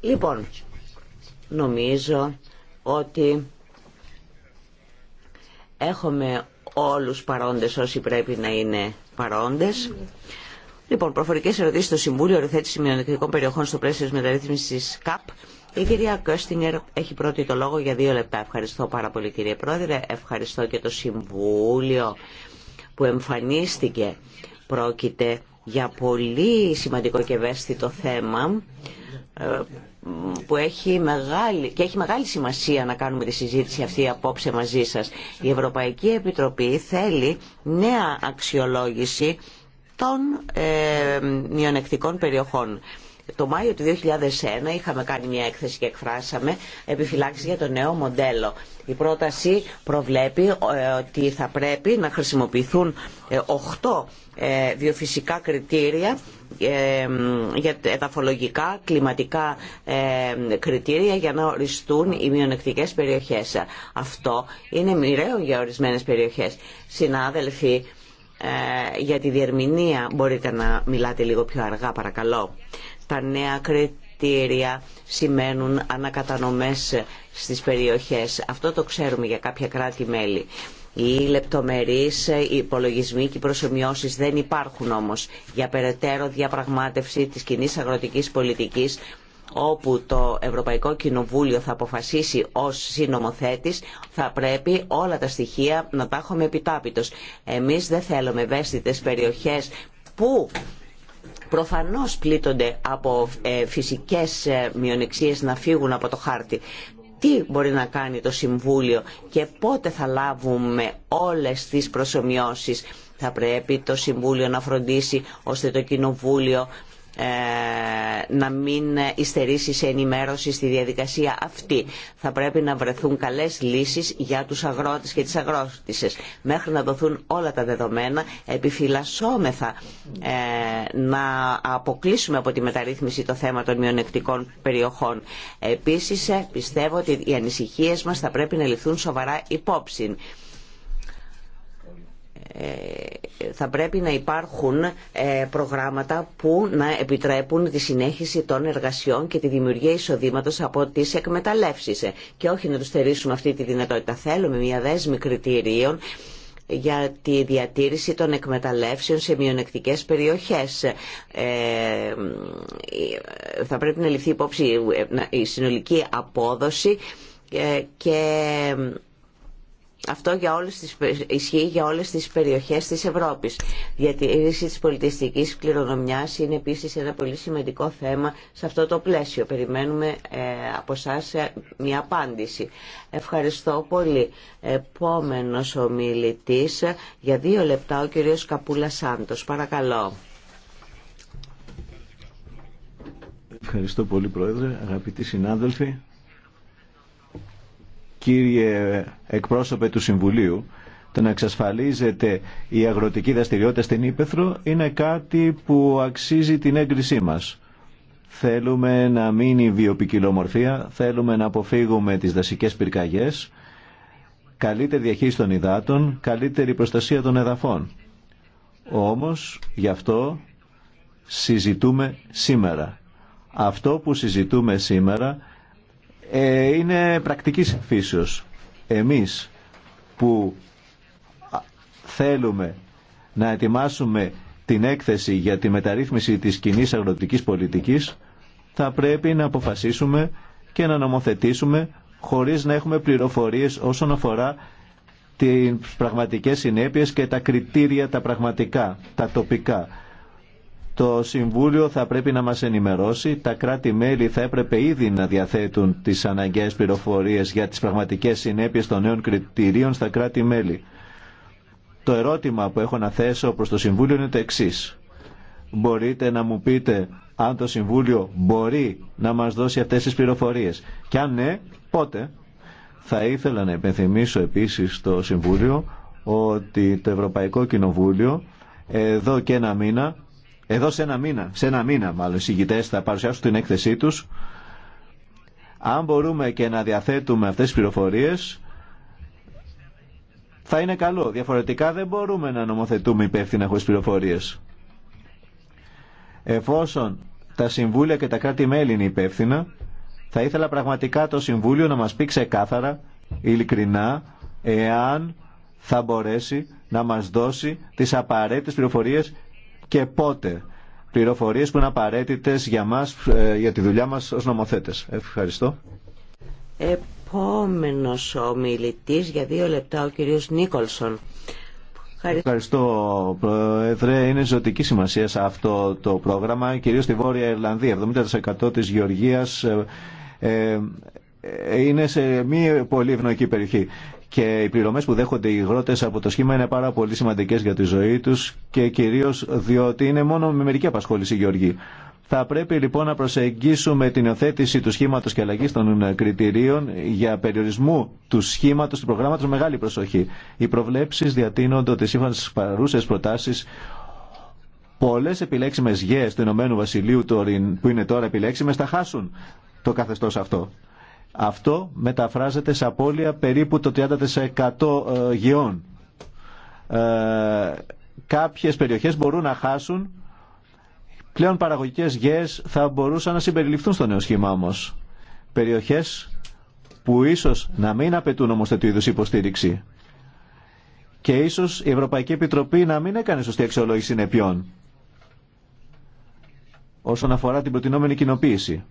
Λοιπόν, νομίζω ότι έχουμε όλους παρόντες όσοι πρέπει να είναι παρόντες. Λοιπόν, προφορικές ερωτήσεις στο Συμβούλιο Οριθέτηση Μειονεκτικών Περιοχών στο πλαίσιο της μεταρρύθμισης ΚΑΠ. Η κυρία Κόστινγκερ έχει πρώτη το λόγο για δύο λεπτά. Ευχαριστώ πάρα πολύ κύριε Πρόεδρε. Ευχαριστώ και το Συμβούλιο που εμφανίστηκε. Πρόκειται για πολύ σημαντικό και ευαίσθητο θέμα ε, που έχει μεγάλη, και έχει μεγάλη σημασία να κάνουμε τη συζήτηση αυτή απόψε μαζί σας. Η Ευρωπαϊκή Επιτροπή θέλει νέα αξιολόγηση των ε, μειονεκτικών περιοχών το Μάιο του 2001 είχαμε κάνει μια έκθεση και εκφράσαμε επιφυλάξει για το νέο μοντέλο. Η πρόταση προβλέπει ε, ότι θα πρέπει να χρησιμοποιηθούν 8 ε, ε, βιοφυσικά κριτήρια για εδαφολογικά, κλιματικά κριτήρια για να οριστούν οι μειονεκτικές περιοχές. Αυτό είναι μοιραίο για ορισμένες περιοχές. Συνάδελφοι, για τη διερμηνία μπορείτε να μιλάτε λίγο πιο αργά παρακαλώ. Τα νέα κριτήρια σημαίνουν ανακατανομές στις περιοχές. Αυτό το ξέρουμε για κάποια κράτη-μέλη. Οι λεπτομερείς οι υπολογισμοί και οι προσωμιώσεις δεν υπάρχουν όμως για περαιτέρω διαπραγμάτευση της κοινή αγροτικής πολιτικής όπου το Ευρωπαϊκό Κοινοβούλιο θα αποφασίσει ως συνομοθέτης θα πρέπει όλα τα στοιχεία να τα έχουμε επιτάπητος. Εμείς δεν θέλουμε ευαίσθητες περιοχές που προφανώς πλήττονται από ε, φυσικές ε, μειονεξίες να φύγουν από το χάρτη. Τι μπορεί να κάνει το Συμβούλιο και πότε θα λάβουμε όλες τις προσωμιώσεις. Θα πρέπει το Συμβούλιο να φροντίσει ώστε το Κοινοβούλιο ε, να μην υστερήσει σε ενημέρωση στη διαδικασία αυτή. Θα πρέπει να βρεθούν καλές λύσεις για τους αγρότες και τις αγρότησες. Μέχρι να δοθούν όλα τα δεδομένα επιφυλασσόμεθα ε, να αποκλείσουμε από τη μεταρρύθμιση το θέμα των μειονεκτικών περιοχών. Επίσης ε, πιστεύω ότι οι ανησυχίες μας θα πρέπει να ληφθούν σοβαρά υπόψη. Ε, θα πρέπει να υπάρχουν ε, προγράμματα που να επιτρέπουν τη συνέχιση των εργασιών και τη δημιουργία εισοδήματο από τις εκμεταλλεύσεις ε, και όχι να του θερήσουμε αυτή τη δυνατότητα. Θέλουμε μια δέσμη κριτηρίων για τη διατήρηση των εκμεταλλεύσεων σε μειονεκτικές περιοχές. θα πρέπει να ληφθεί υπόψη η συνολική απόδοση και αυτό για όλες τις, ισχύει για όλες τις περιοχές της Ευρώπης. Διατήρηση της πολιτιστικής κληρονομιάς είναι επίσης ένα πολύ σημαντικό θέμα σε αυτό το πλαίσιο. Περιμένουμε ε, από εσά ε, μια απάντηση. Ευχαριστώ πολύ. Επόμενος ομιλητής ε, για δύο λεπτά ο κύριος Καπούλα Σάντος. Παρακαλώ. Ευχαριστώ πολύ Πρόεδρε, αγαπητοί συνάδελφοι κύριε εκπρόσωπε του Συμβουλίου, το να εξασφαλίζεται η αγροτική δραστηριότητα στην Ήπεθρο είναι κάτι που αξίζει την έγκρισή μας. Θέλουμε να μείνει βιοπικιλομορφία, θέλουμε να αποφύγουμε τις δασικές πυρκαγιές, καλύτερη διαχείριση των υδάτων, καλύτερη προστασία των εδαφών. Όμως, γι' αυτό συζητούμε σήμερα. Αυτό που συζητούμε σήμερα ε, είναι πρακτικής φύσεως. Εμείς που θέλουμε να ετοιμάσουμε την έκθεση για τη μεταρρύθμιση της κοινή αγροτικής πολιτικής θα πρέπει να αποφασίσουμε και να νομοθετήσουμε χωρίς να έχουμε πληροφορίες όσον αφορά τις πραγματικές συνέπειες και τα κριτήρια τα πραγματικά, τα τοπικά. Το Συμβούλιο θα πρέπει να μας ενημερώσει. Τα κράτη-μέλη θα έπρεπε ήδη να διαθέτουν τις αναγκαίες πληροφορίες για τις πραγματικές συνέπειες των νέων κριτηρίων στα κράτη-μέλη. Το ερώτημα που έχω να θέσω προς το Συμβούλιο είναι το εξή. Μπορείτε να μου πείτε αν το Συμβούλιο μπορεί να μας δώσει αυτές τις πληροφορίες. Και αν ναι, πότε. Θα ήθελα να επενθυμίσω επίσης στο Συμβούλιο ότι το Ευρωπαϊκό Κοινοβούλιο εδώ και ένα μήνα εδώ σε ένα μήνα, σε ένα μήνα μάλλον, οι συγγητές θα παρουσιάσουν την έκθεσή τους. Αν μπορούμε και να διαθέτουμε αυτές τις πληροφορίες, θα είναι καλό. Διαφορετικά δεν μπορούμε να νομοθετούμε υπεύθυνα χωρίς πληροφορίες. Εφόσον τα Συμβούλια και τα κράτη-μέλη είναι υπεύθυνα, θα ήθελα πραγματικά το Συμβούλιο να μας πει ξεκάθαρα, ειλικρινά, εάν θα μπορέσει να μας δώσει τις απαραίτητες πληροφορίες και πότε. Πληροφορίες που είναι απαραίτητες για μας, ε, για τη δουλειά μας ως νομοθέτες. Ευχαριστώ. Επόμενος ο μιλητής για δύο λεπτά ο κύριος Νίκολσον. Ευχαριστώ, Πρόεδρε. Είναι ζωτική σημασία σε αυτό το πρόγραμμα, κυρίως στη Βόρεια Ιρλανδία. 70% της γεωργίας ε, ε, ε, είναι σε μη πολύ ευνοϊκή περιοχή και οι πληρωμές που δέχονται οι υγρότε από το σχήμα είναι πάρα πολύ σημαντικέ για τη ζωή του και κυρίω διότι είναι μόνο με μερική απασχόληση Γεωργή. Θα πρέπει λοιπόν να προσεγγίσουμε την υιοθέτηση του σχήματο και αλλαγή των κριτηρίων για περιορισμού του σχήματο του προγράμματο μεγάλη προσοχή. Οι προβλέψει διατείνονται ότι σύμφωνα στις παρούσε προτάσει. Πολλέ επιλέξιμε γέε του Ηνωμένου Βασιλείου που είναι τώρα επιλέξιμε, θα χάσουν το καθεστώ αυτό. Αυτό μεταφράζεται σε απώλεια περίπου το 30% ε, γεών. Ε, κάποιες περιοχές μπορούν να χάσουν πλέον παραγωγικές γέες θα μπορούσαν να συμπεριληφθούν στο νέο σχήμα όμως. Περιοχές που ίσως να μην απαιτούν όμως τέτοιου είδους υποστήριξη. Και ίσως η Ευρωπαϊκή Επιτροπή να μην έκανε σωστή αξιολόγηση νεπιών όσον αφορά την προτινόμενη κοινοποίηση.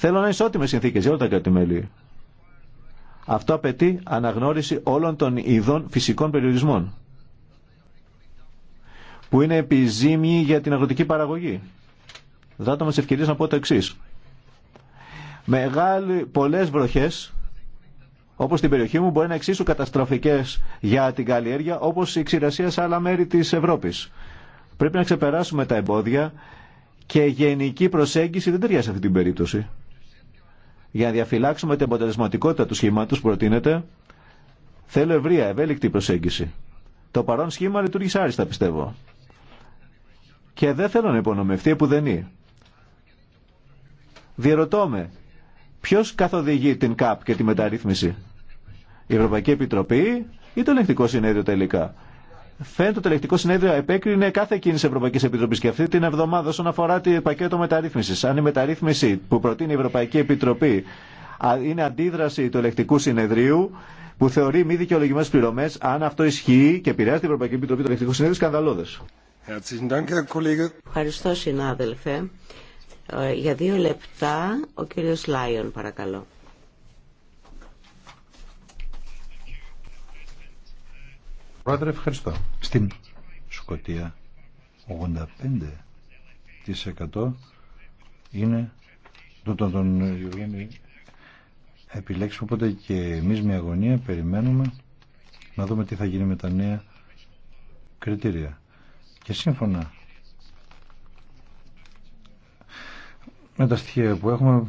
Θέλω να ισότιμε συνθήκε για όλα τα κρατη Αυτό απαιτεί αναγνώριση όλων των ειδών φυσικών περιορισμών που είναι επιζήμιοι για την αγροτική παραγωγή. Δάτω μας ευκαιρίες να πω το εξή. Μεγάλοι, πολλές βροχές, όπως στην περιοχή μου, μπορεί να εξίσου καταστροφικές για την καλλιέργεια, όπως η ξηρασία σε άλλα μέρη της Ευρώπης. Πρέπει να ξεπεράσουμε τα εμπόδια και γενική προσέγγιση δεν ταιριάζει σε αυτή την περίπτωση για να διαφυλάξουμε την αποτελεσματικότητα του σχήματο που προτείνεται, θέλω ευρεία, ευέλικτη προσέγγιση. Το παρόν σχήμα λειτουργεί άριστα, πιστεύω. Και δεν θέλω να υπονομευτεί επουδενή. Διερωτώ με, ποιο καθοδηγεί την ΚΑΠ και τη μεταρρύθμιση, η Ευρωπαϊκή Επιτροπή ή το Ελεκτικό Συνέδριο τελικά. Φαίνεται το ελεκτικό συνέδριο επέκρινε κάθε κίνηση Ευρωπαϊκή Επιτροπή και αυτή την εβδομάδα όσον αφορά το πακέτο μεταρρύθμιση. Αν η μεταρρύθμιση που προτείνει η Ευρωπαϊκή Επιτροπή είναι αντίδραση του ελεκτικού συνεδρίου που θεωρεί μη δικαιολογημένε πληρωμέ, αν αυτό ισχύει και επηρεάζει την Ευρωπαϊκή Επιτροπή του ελεκτικού συνέδριου, σκανδαλώδε. Ευχαριστώ συνάδελφε. Ε, για δύο λεπτά ο κύριο Λάιον παρακαλώ. Πρόεδρε, ευχαριστώ. Στην Σκοτία 85% είναι το επιλέξουμε οπότε και εμείς με αγωνία περιμένουμε να δούμε τι θα γίνει με τα νέα κριτήρια. Και σύμφωνα με τα στοιχεία που έχουμε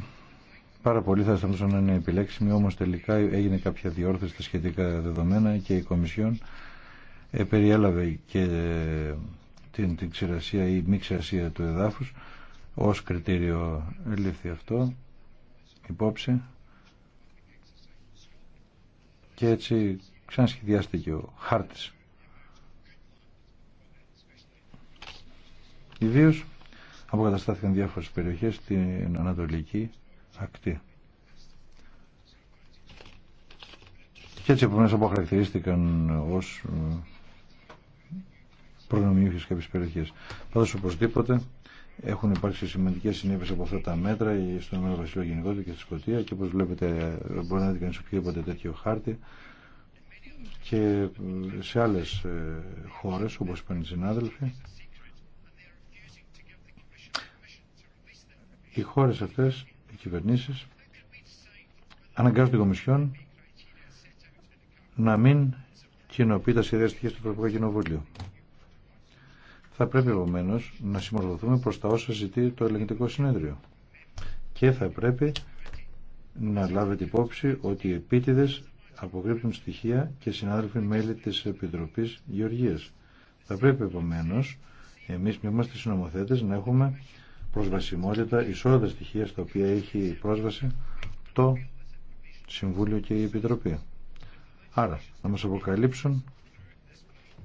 πάρα πολύ θα αισθανθούσαν να είναι επιλέξιμοι όμως τελικά έγινε κάποια διόρθωση στα σχετικά δεδομένα και η Κομισιόν περιέλαβε και ε, την, την ξηρασία ή μη ξηρασία του εδάφους ως κριτήριο λήφθη αυτό υπόψη και έτσι ξανασχεδιάστηκε ο χάρτης Ιδίω αποκαταστάθηκαν διάφορες περιοχές στην Ανατολική ακτή. Και έτσι επομένως αποχαρακτηρίστηκαν ως ε, προνομιούχε κάποιε περιοχέ. Πάντω οπωσδήποτε έχουν υπάρξει σημαντικέ συνέπειε από αυτά τα μέτρα στο Ηνωμένο Βασίλειο γενικότερα και στη Σκοτία, και όπω βλέπετε μπορεί να δει κανεί οποιοδήποτε τέτοιο χάρτη και ε, σε άλλε χώρε όπω είπαν οι συνάδελφοι. Οι χώρε αυτέ, οι κυβερνήσει, αναγκάζουν την Κομισιόν να μην κοινοποιεί τα σχεδιαστικές στο Ευρωπαϊκό Κοινοβούλιο. Θα πρέπει επομένω να συμμορφωθούμε προς τα όσα ζητεί το ελεγκτικό συνέδριο. Και θα πρέπει να λάβετε υπόψη ότι οι επίτηδε αποκρύπτουν στοιχεία και συνάδελφοι μέλη τη Επιτροπής Γεωργίας. Θα πρέπει επομένω εμείς που είμαστε συνομοθέτες να έχουμε προσβασιμότητα, ισόρροπα στοιχεία στα οποία έχει πρόσβαση το Συμβούλιο και η Επιτροπή. Άρα, να μας αποκαλύψουν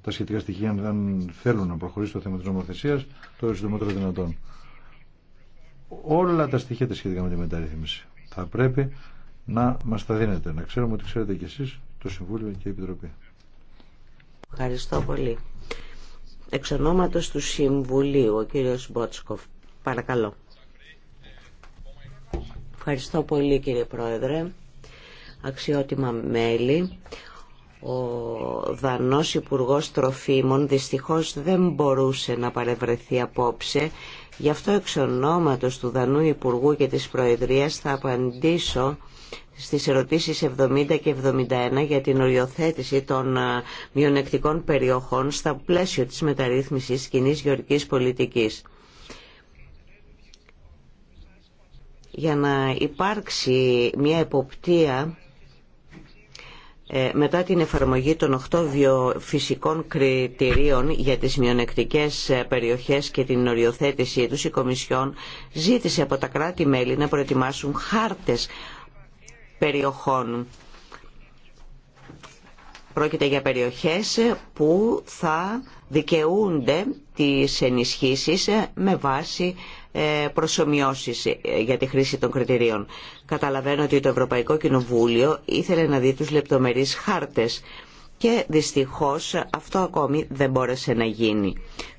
τα σχετικά στοιχεία αν θέλουν να προχωρήσει το θέμα της νομοθεσίας το συντομότερο δυνατόν. Όλα τα στοιχεία τα σχετικά με τη μεταρρύθμιση θα πρέπει να μας τα δίνετε. Να ξέρουμε ότι ξέρετε κι εσείς το Συμβούλιο και η Επιτροπή. Ευχαριστώ πολύ. Εξ ονόματος του Συμβουλίου, ο κύριος Μπότσκοφ. Παρακαλώ. Ευχαριστώ πολύ κύριε Πρόεδρε. Αξιότιμα μέλη. Ο Δανός Υπουργό Τροφίμων δυστυχώς δεν μπορούσε να παρευρεθεί απόψε, γι' αυτό εξ του Δανού Υπουργού και της Προεδρίας θα απαντήσω στις ερωτήσεις 70 και 71 για την οριοθέτηση των ε, μειονεκτικών περιοχών στα πλαίσιο της μεταρρύθμισης κοινή γεωργικής πολιτικής. Για να υπάρξει μια εποπτεία ε, μετά την εφαρμογή των 8 βιοφυσικών κριτηρίων για τις μειονεκτικές ε, περιοχές και την οριοθέτησή τους, η Κομισιόν ζήτησε από τα κράτη-μέλη να προετοιμάσουν χάρτες περιοχών. Πρόκειται για περιοχές ε, που θα δικαιούνται τις ενισχύσεις με βάση ε, προσωμιώσεις ε, για τη χρήση των κριτηρίων. Καταλαβαίνω ότι το Ευρωπαϊκό Κοινοβούλιο ήθελε να δει τους λεπτομερείς χάρτες και δυστυχώς αυτό ακόμη δεν μπόρεσε να γίνει.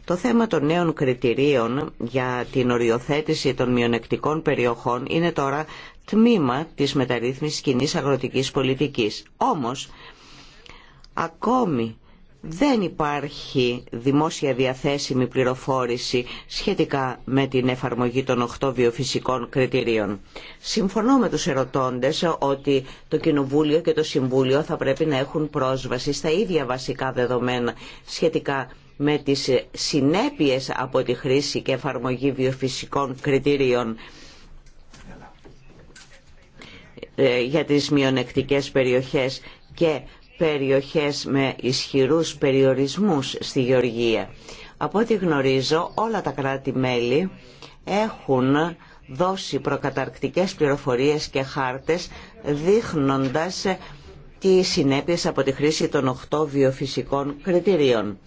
Το θέμα των νέων κριτηρίων για την οριοθέτηση των μειονεκτικών περιοχών είναι τώρα τμήμα της μεταρρύθμισης κοινή αγροτικής πολιτικής. Όμως, ακόμη δεν υπάρχει δημόσια διαθέσιμη πληροφόρηση σχετικά με την εφαρμογή των οκτώ βιοφυσικών κριτηρίων. Συμφωνώ με τους ερωτώντες ότι το Κοινοβούλιο και το Συμβούλιο θα πρέπει να έχουν πρόσβαση στα ίδια βασικά δεδομένα σχετικά με τις συνέπειες από τη χρήση και εφαρμογή βιοφυσικών κριτηρίων ε, για τις μειονεκτικές περιοχές και περιοχές με ισχυρούς περιορισμούς στη Γεωργία. Από ό,τι γνωρίζω όλα τα κράτη-μέλη έχουν δώσει προκαταρκτικές πληροφορίες και χάρτες δείχνοντας τι συνέπειες από τη χρήση των 8 βιοφυσικών κριτηρίων.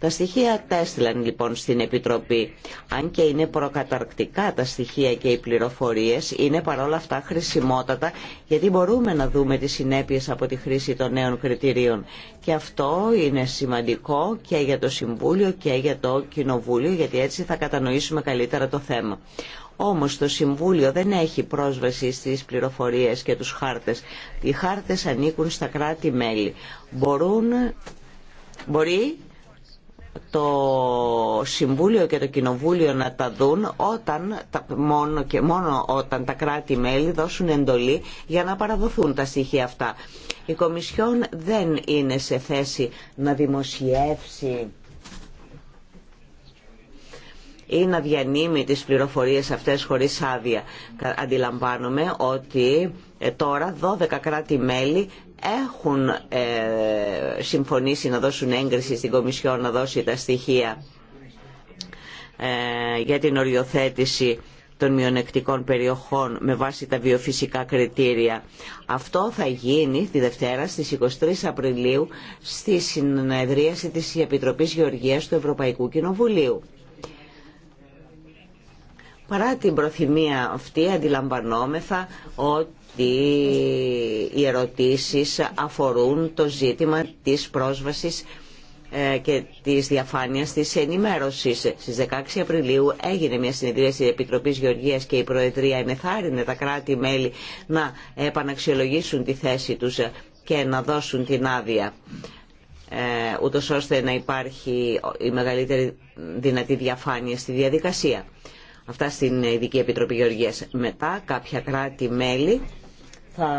Τα στοιχεία τα έστειλαν λοιπόν στην Επιτροπή. Αν και είναι προκαταρκτικά τα στοιχεία και οι πληροφορίες, είναι παρόλα αυτά χρησιμότατα, γιατί μπορούμε να δούμε τις συνέπειες από τη χρήση των νέων κριτηρίων. Και αυτό είναι σημαντικό και για το Συμβούλιο και για το Κοινοβούλιο, γιατί έτσι θα κατανοήσουμε καλύτερα το θέμα. Όμως το Συμβούλιο δεν έχει πρόσβαση στις πληροφορίες και τους χάρτες. Οι χάρτες ανήκουν στα κράτη-μέλη. Μπορεί το Συμβούλιο και το Κοινοβούλιο να τα δουν όταν, μόνο και μόνο όταν τα κράτη-μέλη δώσουν εντολή για να παραδοθούν τα στοιχεία αυτά. Η Κομισιόν δεν είναι σε θέση να δημοσιεύσει ή να διανύμει τις πληροφορίες αυτές χωρίς άδεια. Αντιλαμβάνομαι ότι ε, τώρα 12 κράτη-μέλη έχουν ε, συμφωνήσει να δώσουν έγκριση στην Κομισιό να δώσει τα στοιχεία ε, για την οριοθέτηση των μειονεκτικών περιοχών με βάση τα βιοφυσικά κριτήρια. Αυτό θα γίνει τη Δευτέρα στις 23 Απριλίου στη συνεδρίαση της Επιτροπής Γεωργίας του Ευρωπαϊκού Κοινοβουλίου. Παρά την προθυμία αυτή αντιλαμβανόμεθα ότι οι ερωτήσεις αφορούν το ζήτημα της πρόσβασης ε, και της διαφάνειας της ενημέρωσης. Στις 16 Απριλίου έγινε μια συνεδρία της Επιτροπής Γεωργίας και η Προεδρία ενεθάρρυνε τα κράτη-μέλη να επαναξιολογήσουν τη θέση τους και να δώσουν την άδεια ε, ούτως ώστε να υπάρχει η μεγαλύτερη δυνατή διαφάνεια στη διαδικασία. Αυτά στην Ειδική Επιτροπή Γεωργίας. Μετά κάποια κράτη-μέλη θα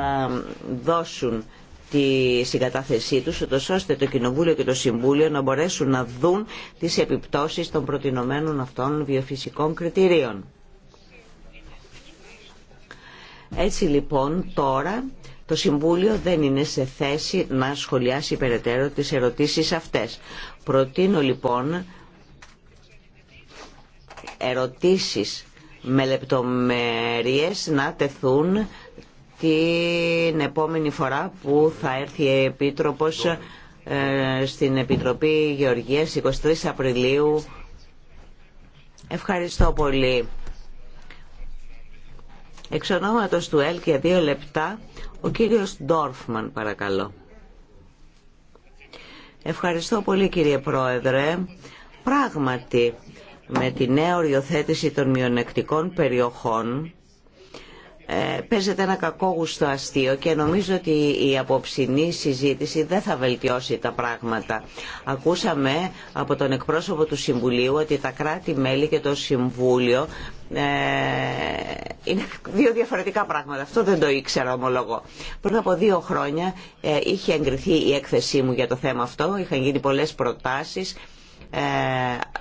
δώσουν τη συγκατάθεσή τους, ώστε το Κοινοβούλιο και το Συμβούλιο να μπορέσουν να δουν τις επιπτώσεις των προτινομένων αυτών βιοφυσικών κριτηρίων. Έτσι λοιπόν τώρα το Συμβούλιο δεν είναι σε θέση να σχολιάσει περαιτέρω τις ερωτήσεις αυτές. Προτείνω λοιπόν ερωτήσεις με λεπτομέρειες να τεθούν την επόμενη φορά που θα έρθει η Επίτροπος ε, στην Επιτροπή Γεωργίας 23 Απριλίου. Ευχαριστώ πολύ. Εξ του ΕΛ και δύο λεπτά, ο κύριος Ντόρφμαν παρακαλώ. Ευχαριστώ πολύ κύριε Πρόεδρε. Πράγματι, με τη νέα οριοθέτηση των μειονεκτικών περιοχών ε, παίζεται ένα κακόγουστο αστείο και νομίζω ότι η απόψινή συζήτηση δεν θα βελτιώσει τα πράγματα. Ακούσαμε από τον εκπρόσωπο του Συμβουλίου ότι τα κράτη-μέλη και το Συμβούλιο ε, είναι δύο διαφορετικά πράγματα. Αυτό δεν το ήξερα ομολογώ. Πριν από δύο χρόνια ε, είχε εγκριθεί η έκθεσή μου για το θέμα αυτό, είχαν γίνει πολλές προτάσεις ε,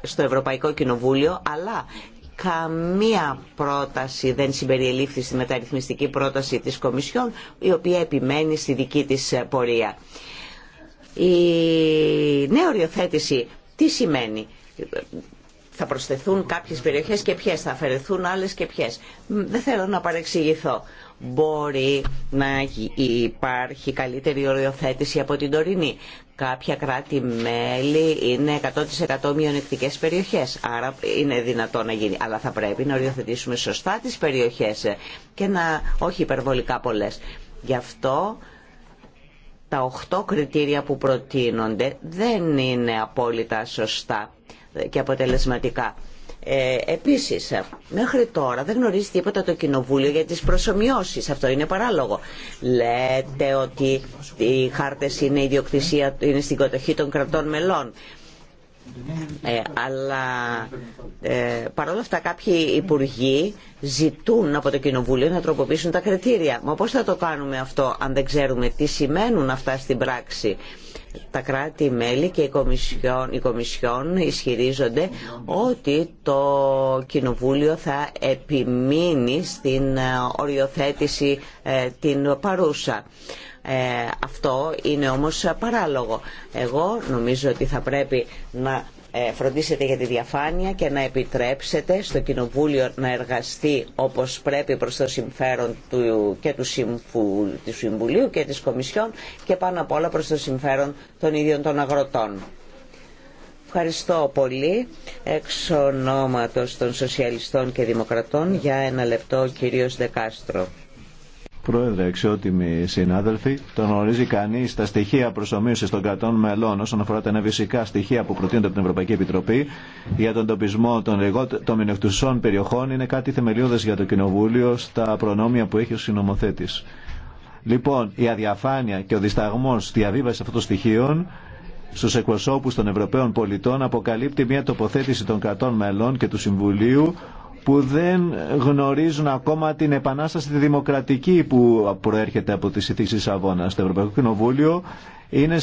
στο Ευρωπαϊκό Κοινοβούλιο, αλλά καμία πρόταση δεν συμπεριελήφθη στη μεταρρυθμιστική πρόταση της Κομισιόν, η οποία επιμένει στη δική της πορεία. Η νέα οριοθέτηση τι σημαίνει. Θα προσθεθούν κάποιες περιοχές και ποιες, θα αφαιρεθούν άλλες και ποιες. Δεν θέλω να παρεξηγηθώ. Μπορεί να υπάρχει καλύτερη οριοθέτηση από την τωρινή κάποια κράτη-μέλη είναι 100% μειονεκτικές περιοχές, άρα είναι δυνατό να γίνει. Αλλά θα πρέπει να οριοθετήσουμε σωστά τις περιοχές και να όχι υπερβολικά πολλές. Γι' αυτό τα οχτώ κριτήρια που προτείνονται δεν είναι απόλυτα σωστά και αποτελεσματικά. Ε, επίσης, μέχρι τώρα δεν γνωρίζει τίποτα το Κοινοβούλιο για τις προσωμιώσει. Αυτό είναι παράλογο. Λέτε ότι οι χάρτε είναι, ιδιοκτησία, είναι στην κατοχή των κρατών μελών. Ε, αλλά ε, παρόλα αυτά κάποιοι υπουργοί ζητούν από το Κοινοβούλιο να τροποποιήσουν τα κριτήρια. Μα πώς θα το κάνουμε αυτό αν δεν ξέρουμε τι σημαίνουν αυτά στην πράξη τα κράτη-μέλη και η Κομισιόν, η ισχυρίζονται ότι το Κοινοβούλιο θα επιμείνει στην ε, οριοθέτηση ε, την παρούσα. Ε, αυτό είναι όμως παράλογο. Εγώ νομίζω ότι θα πρέπει να ε, φροντίσετε για τη διαφάνεια και να επιτρέψετε στο Κοινοβούλιο να εργαστεί όπως πρέπει προς το συμφέρον του, και του, Συμβουλίου και της Κομισιόν και πάνω απ' όλα προς το συμφέρον των ίδιων των αγροτών. Ευχαριστώ πολύ. Εξ ονόματος των Σοσιαλιστών και Δημοκρατών για ένα λεπτό ο κύριος Δεκάστρο. Πρόεδρε, αξιότιμοι συνάδελφοι, τον γνωρίζει κανεί τα στοιχεία προσωμείωση των κρατών μελών όσον αφορά τα νευρικά στοιχεία που προτείνονται από την Ευρωπαϊκή Επιτροπή για τον τοπισμό των, των περιοχών είναι κάτι θεμελιώδε για το Κοινοβούλιο στα προνόμια που έχει ο συνομοθέτη. Λοιπόν, η αδιαφάνεια και ο δισταγμό διαβίβαση αυτών των στοιχείων στου εκπροσώπου των Ευρωπαίων πολιτών αποκαλύπτει μια τοποθέτηση των κρατών μελών και του Συμβουλίου που δεν γνωρίζουν ακόμα την επανάσταση τη δημοκρατική που προέρχεται από τις ηθήσεις Σαββόνα στο Ευρωπαϊκό Κοινοβούλιο είναι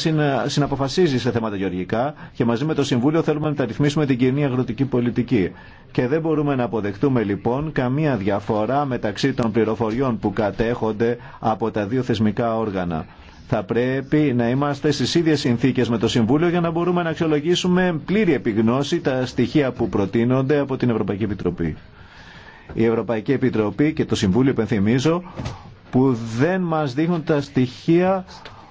συναποφασίζει σε θέματα γεωργικά και μαζί με το Συμβούλιο θέλουμε να τα ρυθμίσουμε την κοινή αγροτική πολιτική. Και δεν μπορούμε να αποδεχτούμε λοιπόν καμία διαφορά μεταξύ των πληροφοριών που κατέχονται από τα δύο θεσμικά όργανα. Θα πρέπει να είμαστε στις ίδιες συνθήκες με το Συμβούλιο για να μπορούμε να αξιολογήσουμε πλήρη επιγνώση τα στοιχεία που προτείνονται από την Ευρωπαϊκή Επιτροπή. Η Ευρωπαϊκή Επιτροπή και το Συμβούλιο, υπενθυμίζω, που δεν μας δείχνουν τα στοιχεία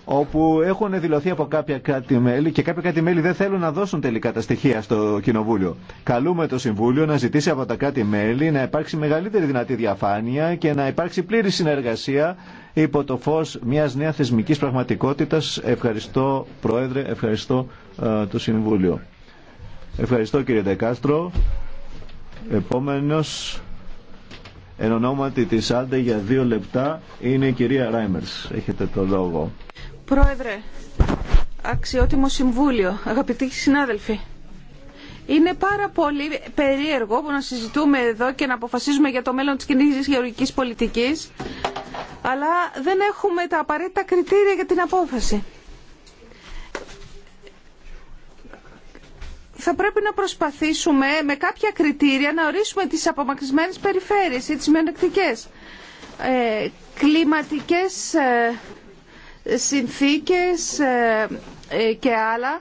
όπου έχουν δηλωθεί από κάτι κράτη-μέλη και καποια κάτι κράτη-μέλη δεν θέλουν να δώσουν τελικά τα στοιχεία στο Κοινοβούλιο. Καλούμε το Συμβούλιο να ζητήσει από τα κάτι μελη να υπάρξει μεγαλύτερη δυνατή διαφάνεια και να υπάρξει πλήρη συνεργασία υπό το φως μιας νέα θεσμικής πραγματικότητας. Ευχαριστώ Πρόεδρε, ευχαριστώ ε, το Συμβούλιο. Ευχαριστώ κύριε Δεκάστρο. Επόμενος Εν ονόματι της Άντε για δύο λεπτά είναι η κυρία Ράιμερς. Έχετε το λόγο. Πρόεδρε, αξιότιμο συμβούλιο, αγαπητοί συνάδελφοι. Είναι πάρα πολύ περίεργο που να συζητούμε εδώ και να αποφασίζουμε για το μέλλον της κοινή γεωργικής πολιτικής, αλλά δεν έχουμε τα απαραίτητα κριτήρια για την απόφαση. θα πρέπει να προσπαθήσουμε με κάποια κριτήρια να ορίσουμε τις απομακρυσμένες περιφέρειες ή τις μειονεκτικές ε, κλιματικές ε, συνθήκες ε, ε, και άλλα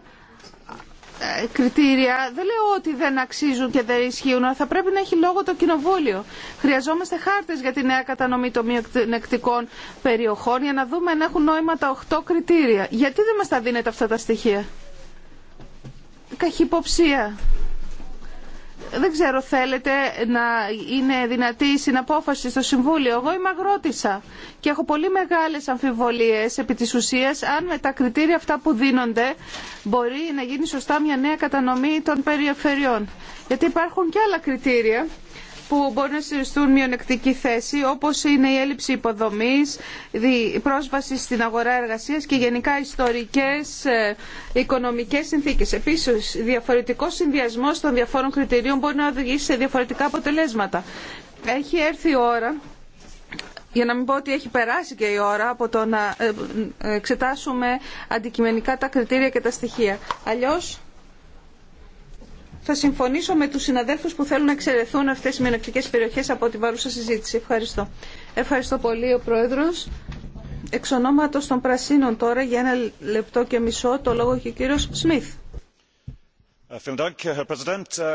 κριτήρια δεν λέω ότι δεν αξίζουν και δεν ισχύουν αλλά θα πρέπει να έχει λόγο το κοινοβούλιο χρειαζόμαστε χάρτες για τη νέα κατανομή των μειονεκτικών περιοχών για να δούμε αν έχουν νόημα τα 8 κριτήρια γιατί δεν μας τα δίνετε αυτά τα στοιχεία καχυποψία. Δεν ξέρω, θέλετε να είναι δυνατή η συναπόφαση στο Συμβούλιο. Εγώ είμαι αγρότησα και έχω πολύ μεγάλες αμφιβολίες επί της ουσίας αν με τα κριτήρια αυτά που δίνονται μπορεί να γίνει σωστά μια νέα κατανομή των περιφερειών. Γιατί υπάρχουν και άλλα κριτήρια που μπορεί να συνιστούν μειονεκτική θέση όπω είναι η έλλειψη υποδομή, η πρόσβαση στην αγορά εργασία και γενικά ιστορικέ ε, οικονομικέ συνθήκε. Επίση, διαφορετικό συνδυασμό των διαφόρων κριτηρίων μπορεί να οδηγήσει σε διαφορετικά αποτελέσματα. Έχει έρθει η ώρα για να μην πω ότι έχει περάσει και η ώρα από το να ε, ε, εξετάσουμε αντικειμενικά τα κριτήρια και τα στοιχεία. Αλλιώς θα συμφωνήσω με τους συναδέλφους που θέλουν να εξαιρεθούν αυτές οι μειονεκτικές περιοχές από την παρούσα συζήτηση. Ευχαριστώ. Ευχαριστώ πολύ ο Πρόεδρος. Εξ ονόματος των Πρασίνων τώρα για ένα λεπτό και μισό το λόγο έχει ο κύριος Σμιθ. Ε, ε,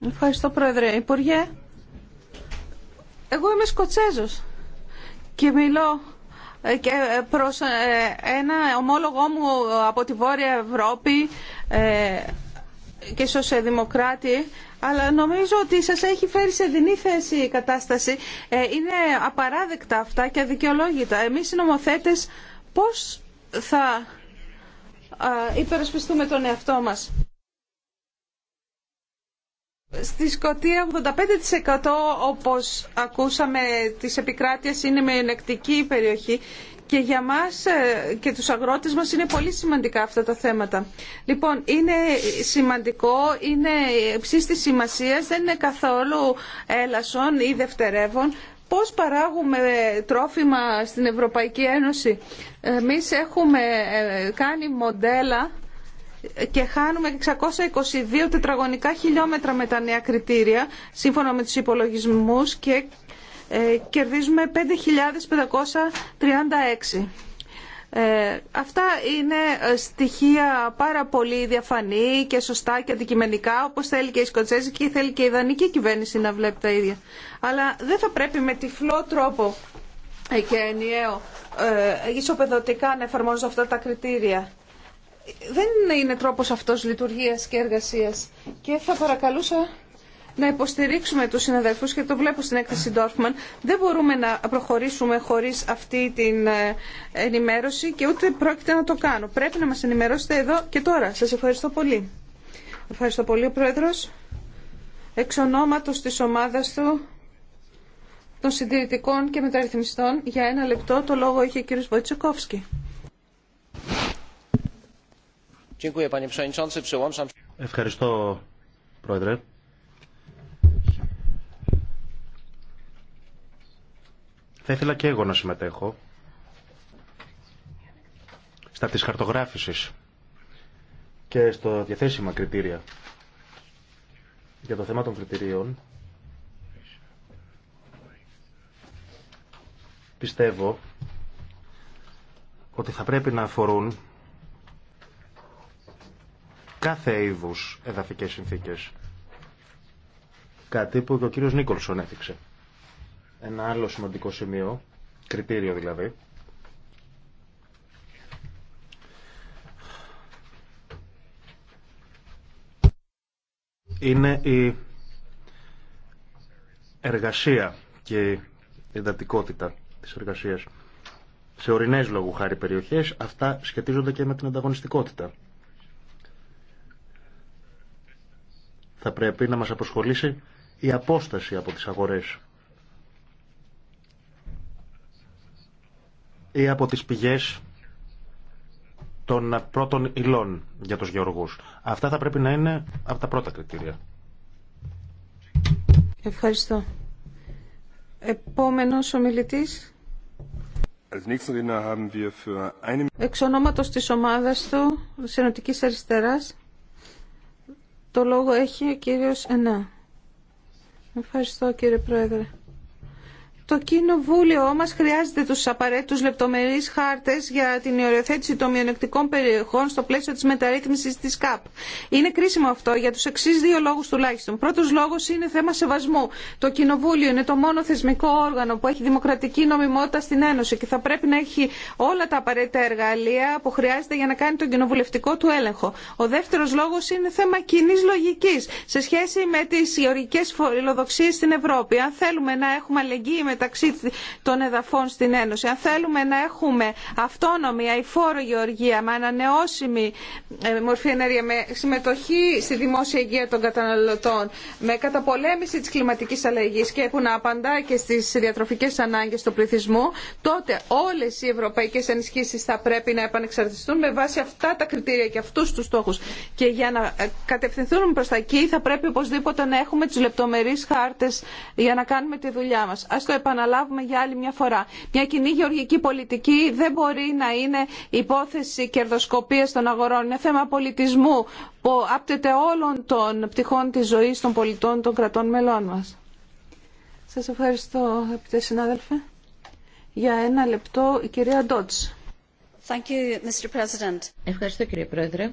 ε, Ευχαριστώ Πρόεδρε. Υπουργέ, εγώ είμαι Σκοτσέζος και μιλώ και προς ένα ομόλογό μου από τη Βόρεια Ευρώπη και σοσιαδημοκράτη, αλλά νομίζω ότι σας έχει φέρει σε δινή θέση η κατάσταση. Ε, είναι απαράδεκτα αυτά και αδικαιολόγητα. Εμείς οι νομοθέτες πώς θα υπερασπιστούμε τον εαυτό μας. Στη Σκωτία 85% όπως ακούσαμε της επικράτειας είναι με ενεκτική περιοχή και για μας ε, και τους αγρότες μας είναι πολύ σημαντικά αυτά τα θέματα. Λοιπόν, είναι σημαντικό, είναι ψήστης της σημασίας, δεν είναι καθόλου έλασον ή δευτερεύον. Πώς παράγουμε τρόφιμα στην Ευρωπαϊκή Ένωση. Εμείς έχουμε ε, κάνει μοντέλα και χάνουμε 622 τετραγωνικά χιλιόμετρα με τα νέα κριτήρια σύμφωνα με τους υπολογισμούς και ε, κερδίζουμε 5.536. Ε, αυτά είναι ε, στοιχεία πάρα πολύ διαφανή και σωστά και αντικειμενικά όπως θέλει και η Σκοτσέζικη και θέλει και η Δανική κυβέρνηση να βλέπει τα ίδια. Αλλά δεν θα πρέπει με τυφλό τρόπο ε, και ενιαίο ε, ισοπεδωτικά να εφαρμόζω αυτά τα κριτήρια. Δεν είναι τρόπος αυτός λειτουργίας και εργασίας. Και θα παρακαλούσα να υποστηρίξουμε τους συναδέλφους και το βλέπω στην έκθεση Dorfman. Δεν μπορούμε να προχωρήσουμε χωρίς αυτή την ε, ενημέρωση και ούτε πρόκειται να το κάνω. Πρέπει να μας ενημερώσετε εδώ και τώρα. Σας ευχαριστώ πολύ. Ευχαριστώ πολύ ο Πρόεδρος. Εξ ονόματος της ομάδας του των συντηρητικών και μεταρρυθμιστών για ένα λεπτό το λόγο είχε ο κ. Βοητσοκόφσκι. Ευχαριστώ, Πρόεδρε. Θα ήθελα και εγώ να συμμετέχω στα της χαρτογράφησης και στο διαθέσιμα κριτήρια για το θέμα των κριτηρίων πιστεύω ότι θα πρέπει να αφορούν κάθε είδους εδαφικές συνθήκες. Κάτι που ο κύριος Νίκολσον έδειξε. Ένα άλλο σημαντικό σημείο, κριτήριο δηλαδή, είναι η εργασία και η εντατικότητα της εργασίας. Σε ορεινές λόγου χάρη περιοχές, αυτά σχετίζονται και με την ανταγωνιστικότητα. Θα πρέπει να μας αποσχολήσει η απόσταση από τις αγορές. ή από τις πηγές των πρώτων υλών για τους γεωργούς. Αυτά θα πρέπει να είναι από τα πρώτα κριτήρια. Ευχαριστώ. Επόμενος ομιλητής. Εξ ονόματος της ομάδας του, Συνοτικής Αριστεράς, το λόγο έχει ο κύριος Ενά. Ευχαριστώ κύριε Πρόεδρε. Το κοινοβούλιο μας χρειάζεται τους απαραίτητους λεπτομερείς χάρτες για την υιοθετήση των μειονεκτικών περιοχών στο πλαίσιο της μεταρρύθμισης της ΚΑΠ. Είναι κρίσιμο αυτό για τους εξή δύο λόγους τουλάχιστον. Πρώτος λόγος είναι θέμα σεβασμού. Το κοινοβούλιο είναι το μόνο θεσμικό όργανο που έχει δημοκρατική νομιμότητα στην Ένωση και θα πρέπει να έχει όλα τα απαραίτητα εργαλεία που χρειάζεται για να κάνει τον κοινοβουλευτικό του έλεγχο. Ο δεύτερος λόγος είναι θέμα κοινή λογικής σε σχέση με τις ιορικές φιλοδοξίες στην Ευρώπη. Αν θέλουμε να έχουμε αλληλεγγύη με μεταξύ των εδαφών στην Ένωση. Αν θέλουμε να έχουμε αυτόνομη, αηφόρο γεωργία, με ανανεώσιμη ε, μορφή ενέργεια, με συμμετοχή στη δημόσια υγεία των καταναλωτών, με καταπολέμηση τη κλιματική αλλαγή και που να απαντά και στι διατροφικέ ανάγκε του πληθυσμού, τότε όλε οι ευρωπαϊκέ ενισχύσει θα πρέπει να επανεξαρτηστούν με βάση αυτά τα κριτήρια και αυτού του στόχου. Και για να ε, κατευθυνθούμε προ τα εκεί θα πρέπει οπωσδήποτε να έχουμε τι λεπτομερεί χάρτε για να κάνουμε τη δουλειά μα επαναλάβουμε για άλλη μια φορά. Μια κοινή γεωργική πολιτική δεν μπορεί να είναι υπόθεση κερδοσκοπίας των αγορών. Είναι θέμα πολιτισμού που άπτεται όλων των πτυχών της ζωής των πολιτών των κρατών μελών μας. Σας ευχαριστώ αγαπητέ συνάδελφε. Για ένα λεπτό η κυρία Ντότζ. Ευχαριστώ κύριε Πρόεδρε.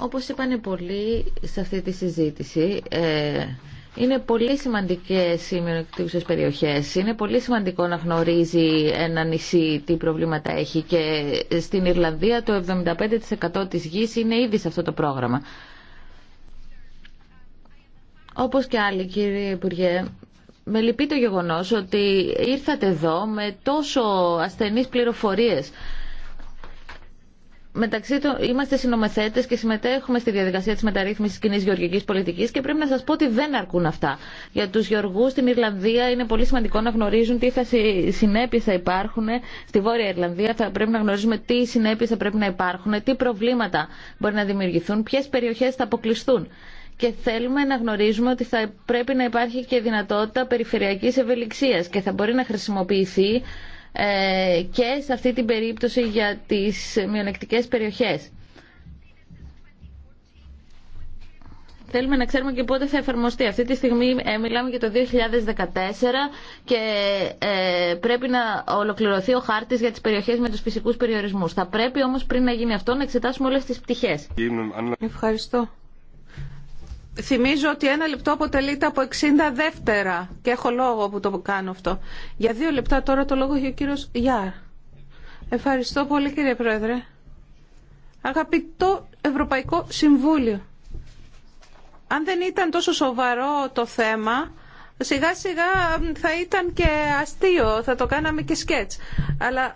Όπως είπανε πολλοί σε αυτή τη συζήτηση, ε, είναι πολύ σημαντικέ οι περιοχέ. Είναι πολύ σημαντικό να γνωρίζει ένα νησί τι προβλήματα έχει και στην Ιρλανδία το 75% τη γη είναι ήδη σε αυτό το πρόγραμμα. Όπως και άλλοι κύριε Υπουργέ, με λυπεί το γεγονό ότι ήρθατε εδώ με τόσο ασθενεί πληροφορίες μεταξύ των, είμαστε συνομεθέτε και συμμετέχουμε στη διαδικασία της μεταρρύθμισης κοινή γεωργική πολιτική και πρέπει να σα πω ότι δεν αρκούν αυτά. Για του γεωργού στην Ιρλανδία είναι πολύ σημαντικό να γνωρίζουν τι θα συνέπειες θα υπάρχουν. Στη Βόρεια Ιρλανδία θα πρέπει να γνωρίζουμε τι συνέπειε θα πρέπει να υπάρχουν, τι προβλήματα μπορεί να δημιουργηθούν, ποιε περιοχέ θα αποκλειστούν και θέλουμε να γνωρίζουμε ότι θα πρέπει να υπάρχει και δυνατότητα περιφερειακής ευελιξίας και θα μπορεί να χρησιμοποιηθεί ε, και σε αυτή την περίπτωση για τις μειονεκτικές περιοχές. Θέλουμε να ξέρουμε και πότε θα εφαρμοστεί. Αυτή τη στιγμή ε, μιλάμε για το 2014 και ε, πρέπει να ολοκληρωθεί ο χάρτης για τις περιοχές με τους φυσικούς περιορισμούς. Θα πρέπει όμως πριν να γίνει αυτό να εξετάσουμε όλες τις πτυχές. Ευχαριστώ. Θυμίζω ότι ένα λεπτό αποτελείται από 60 δεύτερα και έχω λόγο που το κάνω αυτό. Για δύο λεπτά τώρα το λόγο έχει ο κύριος Γιάρ. Ευχαριστώ πολύ κύριε Πρόεδρε. Αγαπητό Ευρωπαϊκό Συμβούλιο, αν δεν ήταν τόσο σοβαρό το θέμα, σιγά σιγά θα ήταν και αστείο, θα το κάναμε και σκέτς. Αλλά